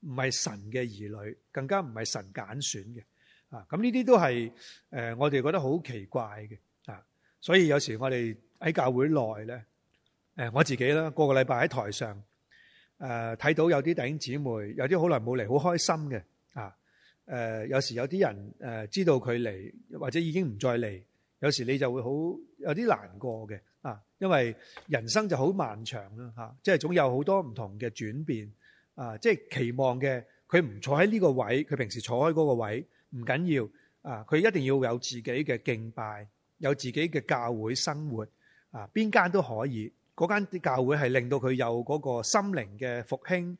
S1: 唔係神嘅兒女，更加唔係神揀選嘅啊！咁呢啲都係誒，我哋覺得好奇怪嘅啊！所以有時我哋喺教會內咧，誒，我自己啦，個個禮拜喺台上誒，睇到有啲弟兄姊妹，有啲好耐冇嚟，好開心嘅啊！誒，有時有啲人誒，知道佢嚟，或者已經唔再嚟，有時你就會好有啲難過嘅啊！因為人生就好漫長啦吓，即係總有好多唔同嘅轉變。啊，即係期望嘅，佢唔坐喺呢個位，佢平時坐喺嗰個位唔緊要。啊，佢一定要有自己嘅敬拜，有自己嘅教會生活。啊，邊間都可以，嗰間教會係令到佢有嗰個心靈嘅復興，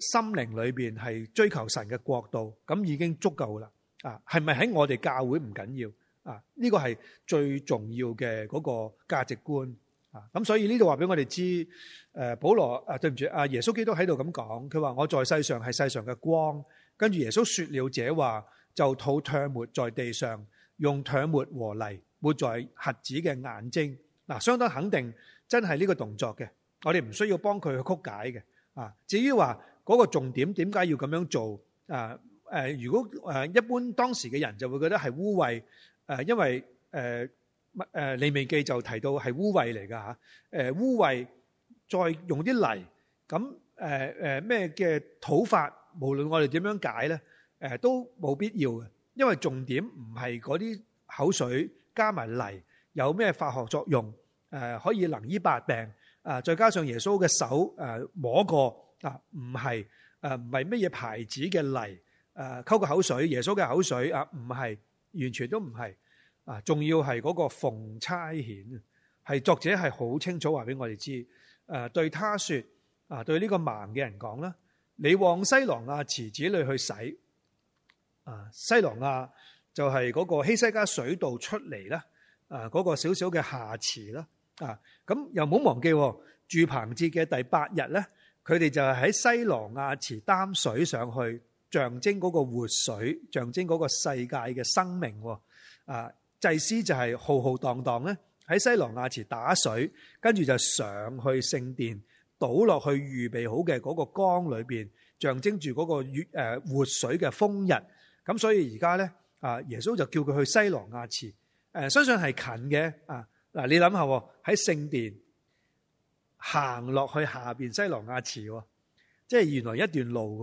S1: 心靈裏邊係追求神嘅國度，咁已經足夠啦。啊，係咪喺我哋教會唔緊要？啊，呢個係最重要嘅嗰個價值觀。啊，咁所以呢度話俾我哋知，誒保羅啊，對唔住啊，耶穌基督喺度咁講，佢話我在世上係世上嘅光，跟住耶穌說了這話，就吐唾沫在地上，用唾沫和泥抹在瞎子嘅眼睛。嗱，相當肯定，真係呢個動作嘅，我哋唔需要幫佢去曲解嘅。啊，至於話嗰個重點，點解要咁樣做？啊，誒，如果誒一般當時嘅人就會覺得係污穢，誒、呃，因為誒。呃乜？誒李未記就提到係污穢嚟㗎嚇。誒污穢再用啲泥，咁誒誒咩嘅土法，無論我哋點樣解咧，誒都冇必要嘅。因為重點唔係嗰啲口水加埋泥有咩化學作用，誒可以能醫百病。誒再加上耶穌嘅手誒摸過啊，唔係誒唔係乜嘢牌子嘅泥誒溝個口水，耶穌嘅口水啊，唔係完全都唔係。啊，仲要係嗰個奉差遣，係作者係好清楚話俾我哋知，誒、啊、對他説，啊對呢個盲嘅人講啦、啊，你往西羅亞池子裏去洗，啊西羅亞就係嗰個希西家水道出嚟咧，啊嗰、嗰個小小嘅下池啦，啊咁、啊、又唔好忘記、啊、住棚節嘅第八日咧，佢、啊、哋就係喺西羅亞池擔水上去，象徵嗰個活水，象徵嗰個世界嘅生命，啊。祭司就係浩浩蕩蕩咧喺西羅亞池打水，跟住就上去聖殿倒落去預備好嘅嗰個缸裏邊，象徵住嗰個月誒活水嘅豐日。咁所以而家咧啊，耶穌就叫佢去西羅亞池，誒相信係近嘅啊。嗱，你諗下喎，喺聖殿行落去下邊西羅亞池，即係原來一段路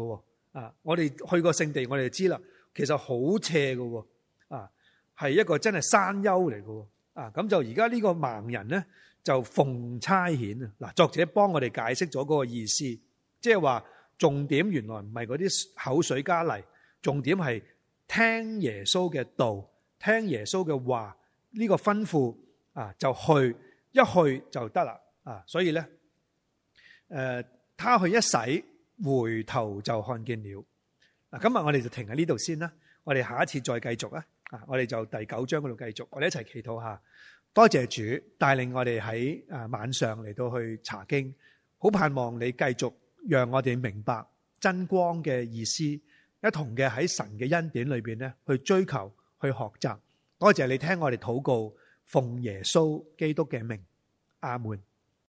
S1: 㗎喎啊！我哋去過聖地，我哋就知啦，其實好斜㗎喎啊！係一個真係山丘嚟嘅啊！咁就而家呢個盲人咧就奉差遣啊！嗱，作者幫我哋解釋咗嗰個意思，即係話重點原來唔係嗰啲口水加泥，重點係聽耶穌嘅道，聽耶穌嘅話呢個吩咐啊，就去一去就得啦啊！所以咧，誒，他去一洗，回頭就看見了。嗱，今日我哋就停喺呢度先啦，我哋下一次再繼續啊！啊！我哋就第九章嗰度繼續，我哋一齊祈禱一下。多謝主帶領我哋喺晚上嚟到去查經，好盼望你繼續讓我哋明白真光嘅意思，一同嘅喺神嘅恩典裏邊咧去追求去學習。多謝你聽我哋禱告，奉耶穌基督嘅名，阿門。